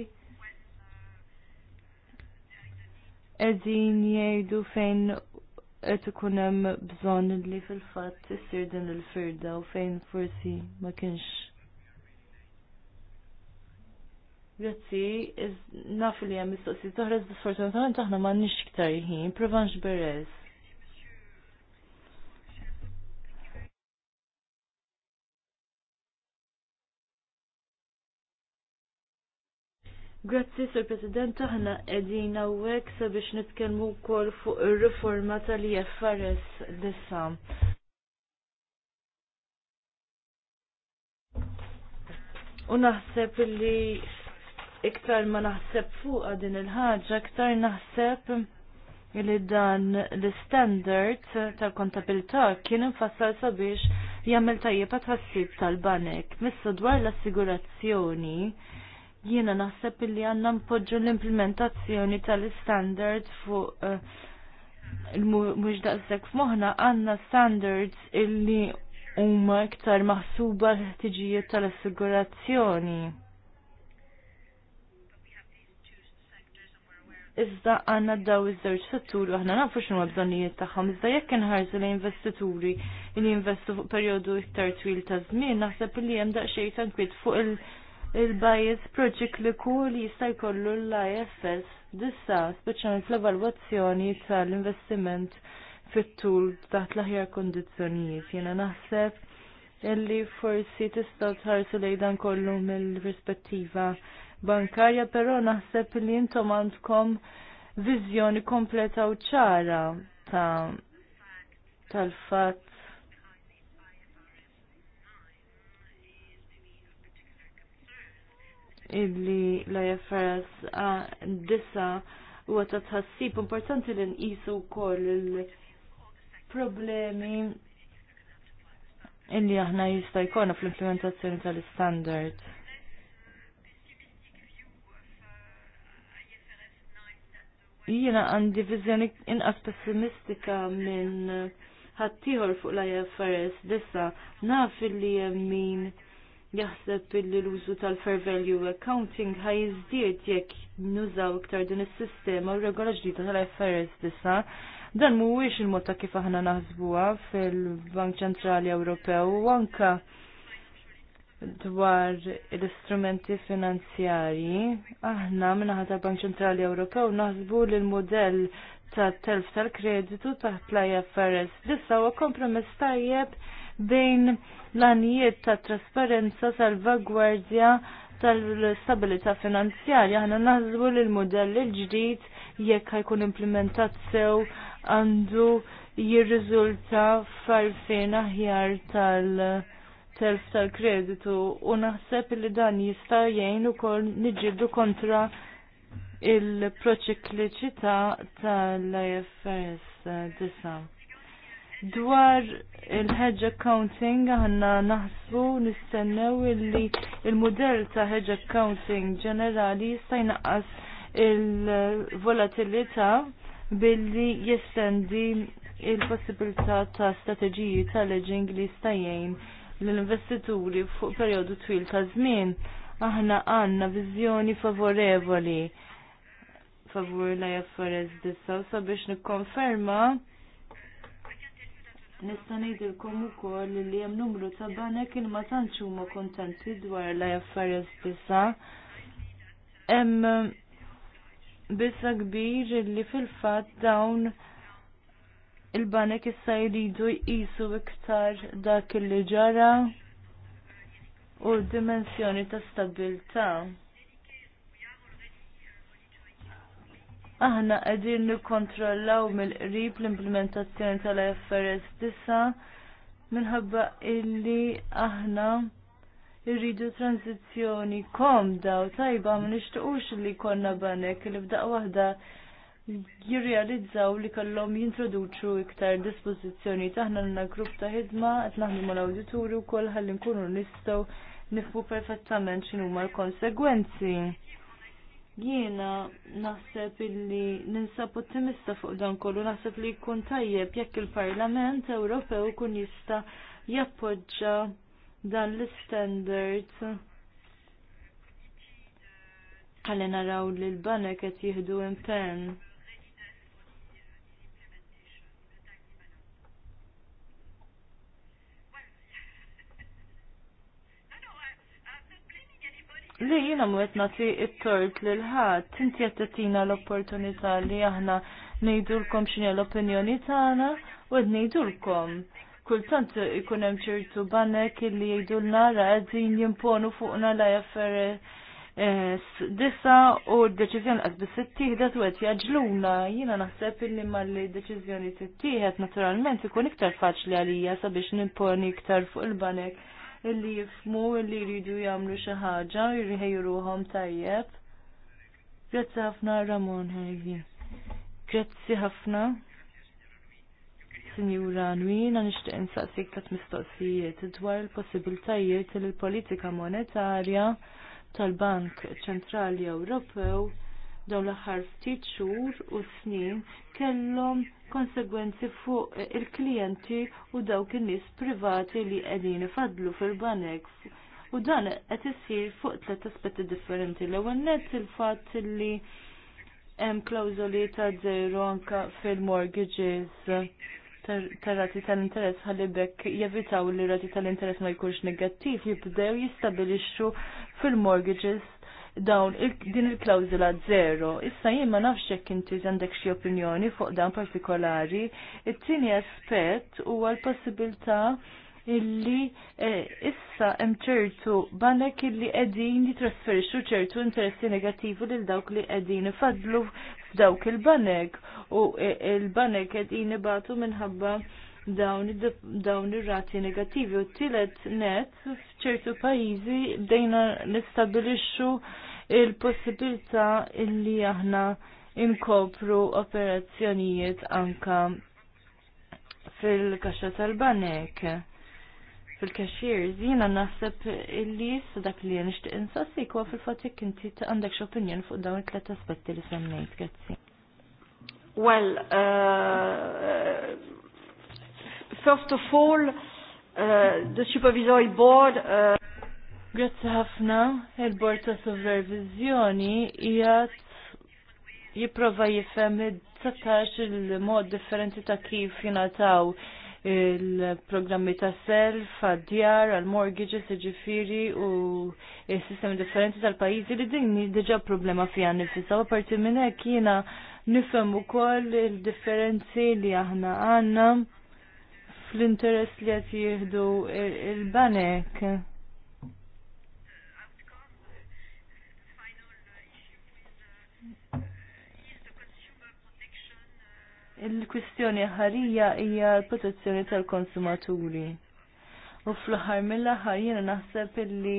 [SPEAKER 3] qegħdin jgħidu fejn qed ikun hemm bżonn li fil-fatt issir din il-firda u fejn forsi ma kienx. Grazzi, naf li hemm mistoqsijiet oħra, sfortunatament aħna m'għandniex iktar ħin, provanx beres. Grazzi, Sir President, aħna edin għawek sabiex nitkelmu kol fuq il-reforma tal-IFRS l-issa. Unaħseb li iktar ma naħseb fuq din il-ħagġa, iktar naħseb li dan l-standard tal-kontabilta kien infassal sabiex jammel tajjeb tħassib tal-banek. Missa dwar l-assigurazzjoni jiena naħseb li għanna mpoġġu l-implementazzjoni tal-standard fuq eh, mux daqsek f'moħna għanna standards illi huma iktar maħsuba l-ħtiġijiet tal-assigurazzjoni. iżda għanna daw iż-żewġ setturi aħna nafu x'inhu bżonnijiet tagħhom, iżda jekk inħarsu l-investituri li jinvestu fuq perjodu iktar twil ta' żmien, naħseb li hemm daqsxejn tankwiet fuq il- il bajet proċikliku li jista' jkollu l-IFS dissa, speċjalment fl-evalwazzjoni tal-investiment fit-tul taħt l-aħjar kondizzjonijiet. Jiena naħseb illi forsi tista' tħarsu lejdan kollu mill rispettiva bankarja, però naħseb li intom għandkom viżjoni kompleta u ċara ta' tal-fatt illi l-IFRS dissa u ta' tħassib importanti li nqisu wkoll il-problemi illi aħna jista' jkollna fl-implementazzjoni tal-standard. Jiena għandi viżjoni inqas pessimistika minn ħaddieħor fuq l-IFRS disa naf illi hemm min jaħseb billi l-użu tal-fair value accounting ħaj jekk nużaw iktar din is-sistema u regola ġdida tal-IFRS disa. Dan mhuwiex il-mod ta' kif aħna naħsbuha fil-Bank Ċentrali Ewropew u anka dwar l-istrumenti finanzjarji, aħna minnaħa tal-Bank Ċentrali Ewropew naħsbu li l-modell ta' telf tal-kreditu taħt l-IFRS. Dissa huwa kompromess tajjeb bejn l-anijiet ta' trasparenza salvagwardja tal stabilita finanzjarja. Ħana naħsbu li l-modell il-ġdid jekk ħajkun implementat sew għandu jirriżulta farfien aħjar tal- telf tal-kreditu u naħseb li dan jista' jgħin ukoll niġġieldu kontra il-proċikliċità tal-IFRS disa. Dwar il-hedge accounting għanna naħsbu nistennew illi il-modell ta' hedge accounting ġenerali jista' jnaqqas il-volatilità billi jistendi il-possibilità ta' strateġiji tal-leġing li jistajjen l-investituri fuq periodu twil ta' żmien aħna għanna viżjoni favorevoli favur la jaffarez dissa sabiex nikkonferma Nista' ngħidilkom ukoll li hemm numru ta' banek il ma tantx huma kontenti dwar l-affarijiet stessa. Hemm bissa kbir li fil-fatt dawn il-banek issa jridu jqisu iktar dak li ġara u d dimensjoni ta' stabilta' aħna qegħdin nikkontrollaw mill-qrib l-implementazzjoni tal-IFRS 9 minħabba illi aħna irridu tranzizjoni komda u tajba ma nixtiequx li konna banek li f'daq waħda jirrealizzaw li kellhom jintroduċu iktar dispożizzjoni taħna l grupp ta' ħidma qed naħdmu l-awdituri wkoll ħalli nkunu nistgħu nifhu perfettament x'inhuma l-konsegwenzi Jiena naħseb illi ninsab ottimista fuq dan kollu, naħseb li jkun tajjeb jekk il-Parlament Ewropew kun jista' jappoġġa dan l-standards ħalli naraw li l-banek qed jieħdu impenn li jina mwet nati it-tort li l ħad tinti jattatina l-opportunità li aħna nejdulkom xinja l-opinjoni tana u għed nejdulkom. Kultant ikun hemm ċertu banek li jgħidulna la qegħdin jimponu fuqna la jaffer disa u d-deċiżjoni qas biss ittieħdet u qed jaġluna. Jiena naħseb illi malli d-deċiżjoni tittieħed naturalment ikun iktar faċli għalija sabiex nimponi iktar fuq il-banek illi jifmu illi jridu jagħmlu xi ħaġa, jirħejju ruhom tajjeb. Grazzi ħafna Ramon Hervi. Grazzi ħafna. Sinjura Nwina nixtieq insaqsik ta' mistoqsijiet dwar il-possibiltajiet li l-politika monetarja tal-Bank Ċentrali Ewropew daw l-aħħar ftit xhur u snin kellhom konsegwenzi fuq il-klijenti u dawk in-nies privati li qegħdin ifadlu fil-banek. U dan qed isir fuq tliet aspetti differenti. L-ewwel nett il-fatt li hemm klawżoli ta' zero anke fil-mortgages tar-rati tal-interess ħalibek jevitaw li rati tal-interess ma jkunx negattiv jibdew jistabilixxu fil-mortgages dawn din il-klawzula zero. Issa jien ma nafx jekk inti għandek xi opinjoni fuq dan partikolari. It-tieni aspett huwa l-possibilità illi eh, issa hemm ċertu banek illi qegħdin jitrasferixxu ċertu interessi negattivi lil dawk li qegħdin ifadlu f'dawk il-banek u eh, il-banek qegħdin ibatu minħabba dawn ir-rati negattivi u tielet net f'ċertu pajjiżi bdejna nistabilixxu il-possibilità illi aħna inkopru operazzjonijiet anka fil kaxa tal-banek fil-cashiers, jina naħseb illi jissa dak li jenix xtiq insassi kwa fil-fatik inti għandek xopinjon fuq dawn it-tlet aspetti li semmejt, grazzi.
[SPEAKER 4] Well, uh, first of all, uh, the supervisory board uh,
[SPEAKER 3] Grazzi ħafna, il-Bord ta' Supervizjoni jgħat jipprova jifhem id-19 il-mod differenti ta' kif jingħataw il-programmi ta' self, għad-djar, għal-mortgages, ġifiri u il-sistemi differenti tal-pajizi li din diġa problema fija nifisa. U parti minn hekk jiena nifhem ukoll il-differenzi li aħna għandna fl-interess li qed jieħdu il-banek. il banek Il-kwistjoni ħarija hija l-protezzjoni tal-konsumaturi. U fl ħar mill-aħħar jiena naħseb illi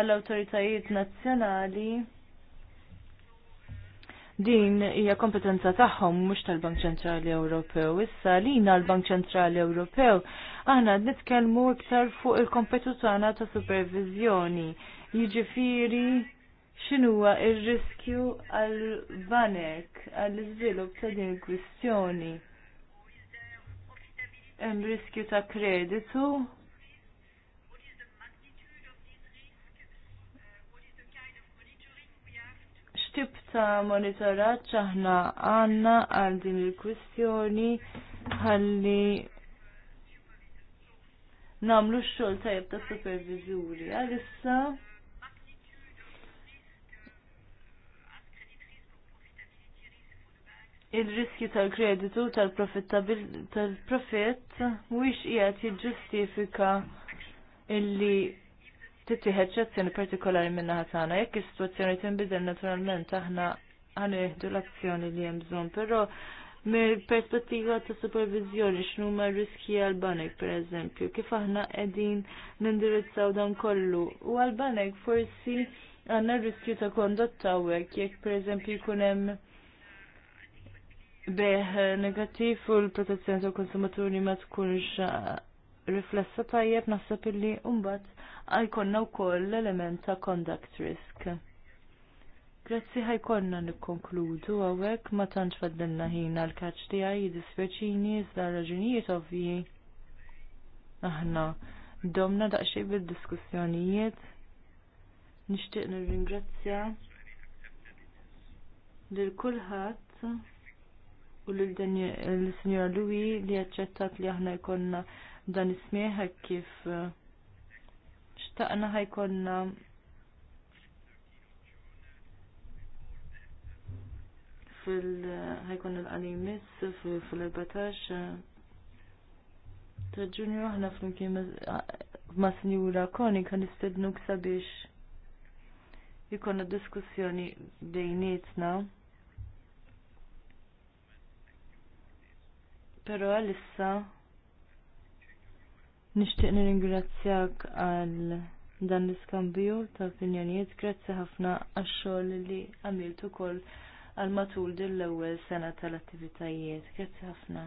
[SPEAKER 3] għall-awtoritajiet nazzjonali din hija kompetenza tagħhom mhux tal-Bank Ċentrali Ewropew. Issa lina l-Bank Ċentrali Ewropew aħna nitkellmu iktar fuq il-kompetu tagħna ta' supervizjoni. Jiġifieri x'inhuwa il riskju għal banek għall iżvilupp ta' din il-kwistjoni. Hemm riskju ta' kreditu X'tib ta' monitorat aħna għandna għal din il-kwistjoni ħalli namlu x-xogħol tajjeb ta' supervizuri. Għalissa il-riskju tal-kreditu tal-profitt mhuwiex qiegħed jiġġustifika illi tittieħed azzjoni partikolari min-naħa tagħna. Jekk is-sitwazzjoni tinbidel naturalment aħna jeħdu l-azzjoni li hemm bżonn, però mill-perspettiva ta' supervizjoni x'nu ma' riski għal-banek pereżempju, kif aħna qegħdin nindirizzaw dan kollu. U għal-banek forsi għandna riskju ta' kondotta hawnhekk jekk pereżempju jkun hemm beħ negattiv u l-protezzjoni tal-konsumaturi ma tkunx eh, riflessa tajjeb naħseb illi umbat għajkonna wkoll l-element ta' conduct risk. Grazzi ħajkonna nikkonkludu għawek ma tantx faddilna ħina l-kaċ tiegħi jiddispjaċini iżda raġunijiet ovvji. Aħna domna daqsxejn bid-diskussjonijiet. Nixtieq nirringrazzja lil kulħadd u l-Sinjora Lui li għacċettat li aħna jkonna dan ismieħa kif eh, xtaqna ħajkonna fil eh, ħajkun l-qalimis fil-14 eh. ta' ġunju aħna flimkien ma' sinjura koni kan istednu sabiex jikonna diskussjoni bejnietna. Pero għalissa nishtiq nirringrazzjak għal dan l-iskambju ta' opinjonijiet grazzi ħafna għax-xogħol li għamilt ukoll għal matul din l-ewwel sena tal-attivitajiet. Grazzi ħafna.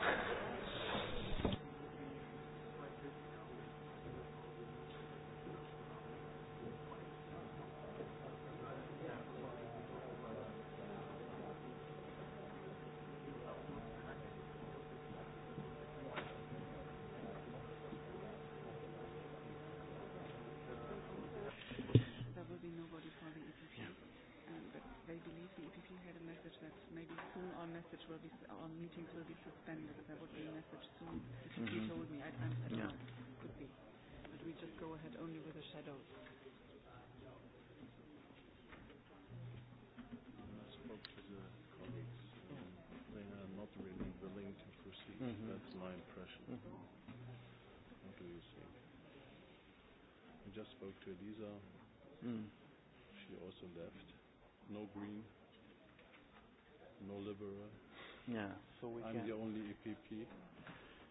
[SPEAKER 5] impression. Mm -hmm. What do you think? I just spoke to Elisa. Mm. She also left. No green, no liberal. Yeah, so we I'm can. the only EPP.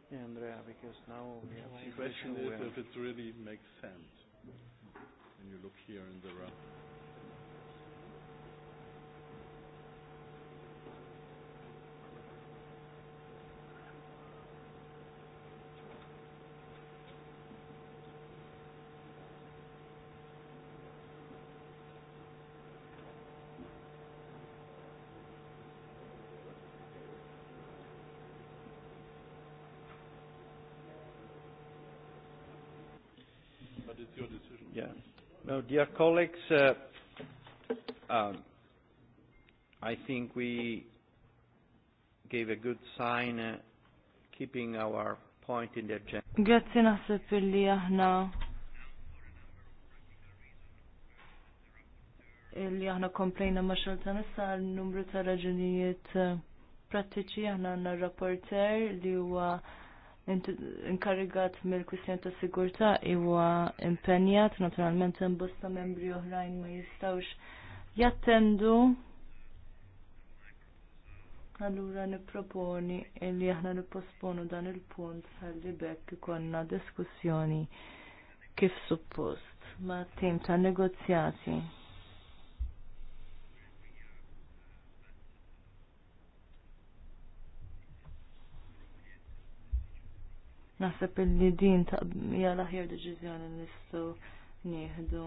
[SPEAKER 5] Yeah, Andrea, because now we have the question is if it really makes sense. And you look here in the rough. it's your decision. Yeah.
[SPEAKER 1] No, dear colleagues, uh, um, I think we gave a good sign uh, keeping our point in the agenda.
[SPEAKER 3] Grazie naħseb illi aħna illi e aħna komplejna ma' xaltan issa numru ta' raġunijiet uh, prattiċi aħna għanna rapporter li huwa uh, inkarigat mill-kwistjoni ta' sigurtà huwa impenjat naturalment bosta membri oħrajn ma jistawx jattendu. Allura nipproponi li aħna nipposponu dan il-punt ħalli bekk ikonna diskussjoni kif suppost ma' tim ta' negozjati. Naħseb illi din ta' jala l-aħjar deċiżjoni nistgħu nieħdu.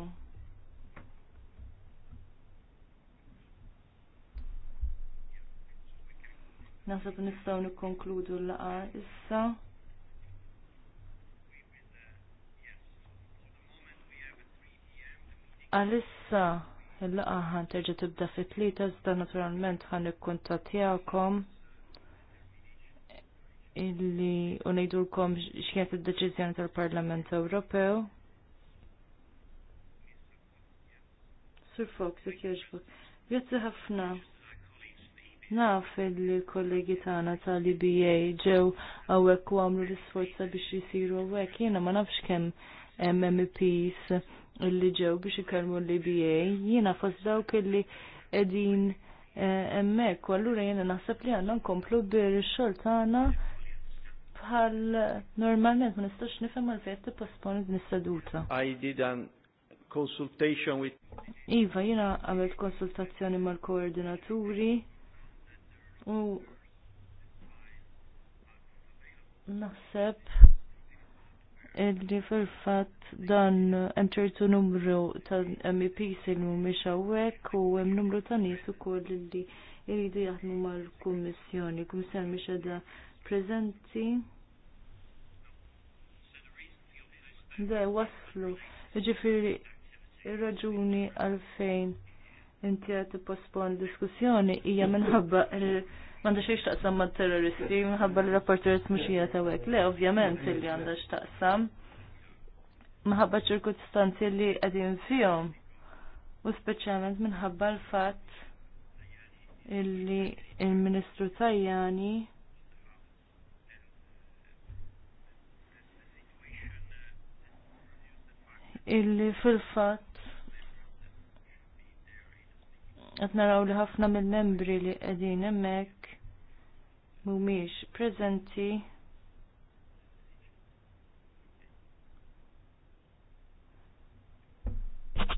[SPEAKER 3] Naħseb nistgħu nikkonkludu l-laqa issa. Għalissa l-laqa ħan terġa' tibda fit-tlieta iżda naturalment ħan ikkuntattjakom illi unajdulkom xkienet id-deċizjoni tal-Parlament Ewropew. Sur Fox, jek jieġbuk. Grazzi ħafna. Naf illi kollegi tagħna tal-IBA ġew hawnhekk u għamlu l-isforza biex jisiru għawek. Jiena ma nafx kemm MMPs illi ġew biex ikellmu l-IBA. Jiena fos dawk illi qegħdin eh, emmek. u allura jiena naħseb li għandna nkomplu bir-xogħol tagħna bħal normalment ma nistax nifhem għal fejn tipposponi din is-seduta.
[SPEAKER 1] I did an consultation with
[SPEAKER 3] Iva, jiena għamilt konsultazzjoni mal-koordinaturi u naħseb illi fil-fat dan hemm numru ta' MEPs il mhumiex hawnhekk u hemm numru ta' nies ukoll li jridu jaħdmu mal-kummissjoni. Kummissjoni mhix qiegħda preżenti. de waslu. Ġifiri, il-raġuni għalfejn inti għat pospon diskussjoni hija minħabba Manda xiex taqsam ma' terroristi, minħabba l-rapporteret muxija ta' wek. Le, ovvjament, li għanda xtaqsam. Minħabba ċirkustanzi li għadin fihom. U speċjalment minħabba l-fat illi il-Ministru Tajjani illi fil-fatt qed naraw li ħafna mill-membri li qegħdin hemmhekk mhumiex prezenti?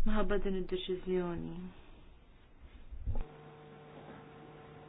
[SPEAKER 3] Maħabba din id-deċiżjoni.